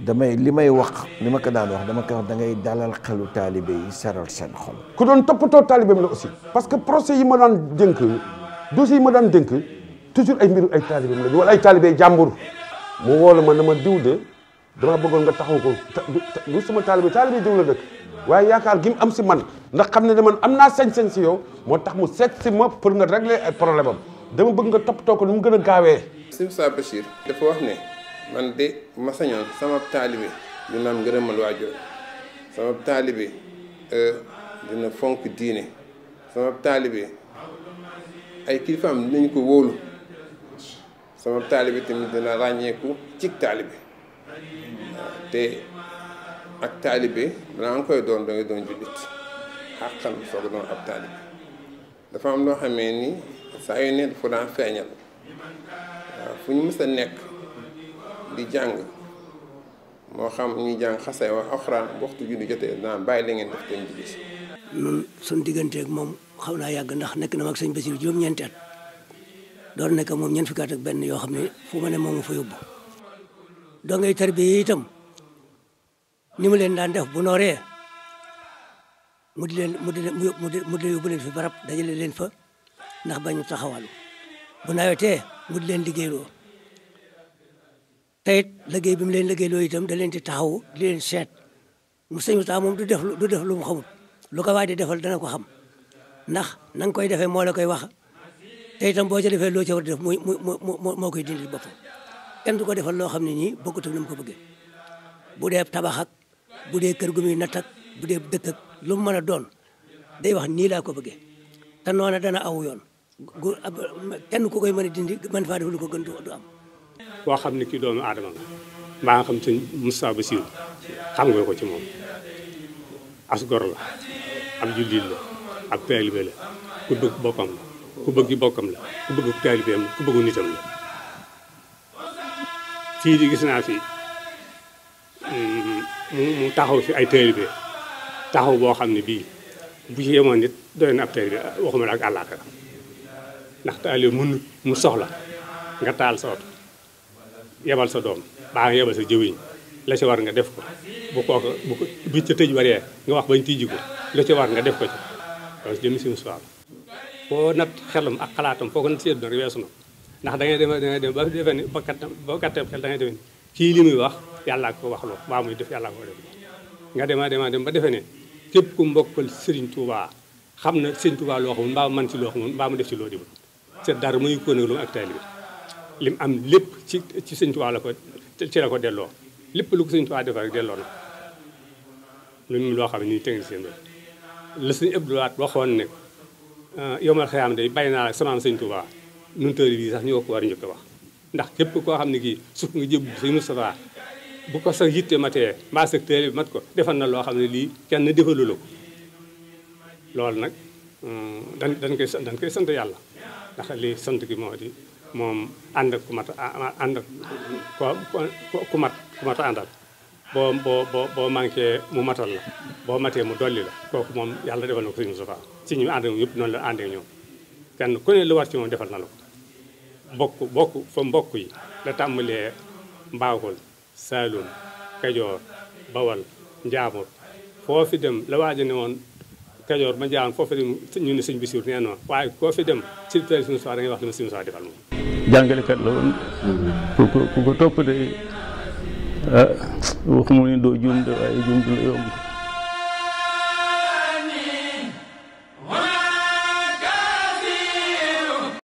damay li may wax li ma ko daan wax dama koy wax da ngay dalal xelu taalibe yi seral seen xol. ku doon toppatoo taalibeem la aussi parce que procès yi ma daan dénk dossiers ma daan dénk toujours ay mbiru ay taalibeem la ay taalibe jàmbur mu woo la ma ne ma diw de dama bëggoon nga taxaw ko lu sama taalibe taalibe diw la waaye yaakaar gi mu am si man ndax xam ne dama am naa sañ-sañ si yow moo tax mu seet si ma pour nga régler ay problème am dama bëgg nga toppatoo ko nu mu gën a gaawee. Sëñ Moussa dafa wax ne man de ma sañoon sama taalibe dina am ngërëmal waajur sama taalibe euh, dina fonk diine sama taalibe ay kilifaam dinañ ko wóolu sama taalibe tamit dina ràññeeku cig taalibe te ak taalibe balaa nga koy doon da nga doon jullit xàqan soog doon ab taalibe dafa am loo xamee ni saa yu ne dafa daan feeñal fu ñu mës a nekk di jàng moo xam ñuy jàng xasee wax alxuraan bu waxtu julli jotee daan bàyyi la te ñu gis. ñun suñu digganteeg moom xaw naa yàgg ndax nekk na mag sëñ Basiru juróom-ñeenti at doon nekk moom ñeent fukki at ak benn yoo xam ne fu ma ne moom fa yóbbu. doo ngay tarbiya itam ni mu leen daan def bu nooree mu di leen mu di leen mu di mu di yóbbu leen fi barab dajale leen fa ndax bañu taxawal bu nawetee. mu di leen liggéeyloo te it liggéey bi mu leen liggéeyloo itam da leen di taxaw di leen seet mu sëñ Moustapha moom du def du def lu mu xamul lu ko waay di defal dana ko xam ndax nan koy defee moo la koy wax te itam boo ca defee loo ca war a def muy mu moo koy dindil boppam kenn du ko defal loo xam ne nii bokkut ak ni ko bëggee bu dee tabax ak bu dee kër gu muy natt ak bu dee dëkk ak lu mu mën a doon day wax nii laa ko bëggee te noona dana aw yoon góor kenn ku koy mën a dindi mën faa def lu ko gën du am. koo xam ne kii doomu aadama nga mbaa nga xam sëñ Moustapha Bassirou xam nga ko ci moom as gor la ab jullit la ab taalibe la ku bëgg boppam la ku bëgg bokkam la ku bëggu nitam la fii di gis naa fi mm, mu taxaw fi ay taalibe taxaw boo xam ne bii bu ci yemoon nit doy na ab taalibe waxuma la ak àllaaxira ndax taalibe mënut mu soxla nga taal sa oto yebal sa doom baa nga yebal sa jëwiñ la ci war nga def ko bu kooku bu ca tëj waree nga wax bañ tijji ko la ci war nga def ko ci loolu jëmi si musuwaal foo nat xelam ak xalaatam foo ko nat si àdduna rek weesu na ndax da ngay dem da ngay dem ba defee ni ba da ngay defee kii li muy wax yàllaa ko wax loo mbaa muy def yàllaa ko def nga demaa demaa dem ba defee ne képp ku mbokkal sëriñ Touba xam na Serigne Touba loo xamul mbaa man ci loo xamul mbaa mu def ci loo dibul te dara muy ko lu ak taalibe bi lim am lépp ci ci sëñ Tuubaa ko ci la ko delloo lépp lu ko sëñ Tuubaa defal lu loo xam ne nii technicien la sëñ Abdou Lahat waxoon ne ah, yomal xayaam day bàyyi naa la sama sëñ Tuubaa nun tëri bi sax ñu ko war a wax ndax képp koo xam ne kii sukk nga jëb sëñ bu ko sa yitte matee mbaa sa tëri bi mat ko defal na loo xam ne lii kenn defalu la ko loolu nag hmm, dañ dañ koy dañ koy sant yàlla ndax lii sant moo moom ànd ku mat ànd ku mat ku mat a boo boo boo boo manqué mu matal boo matee mu dolli la kooku moom yàlla defal na ko suñu sofa si ñu ànd yëpp noonu la àndee ñoom kenn ku ne lu war moom defal na la ko bokk bokk fa mbokk yi la tàmbalee mbaagul saalum kajoor bawal njaamur foo dem la waaja ne woon Kajoor ma jaan foofu ñu ne sëñ Bassirou nee na waaye koo fi dem ci tali suñu soix da ngay wax li ma suñu soix defal moom. jàngalekat la woon. ku ko ku ko topp de ah waxuma ni doo juum de waaye juum la yomb.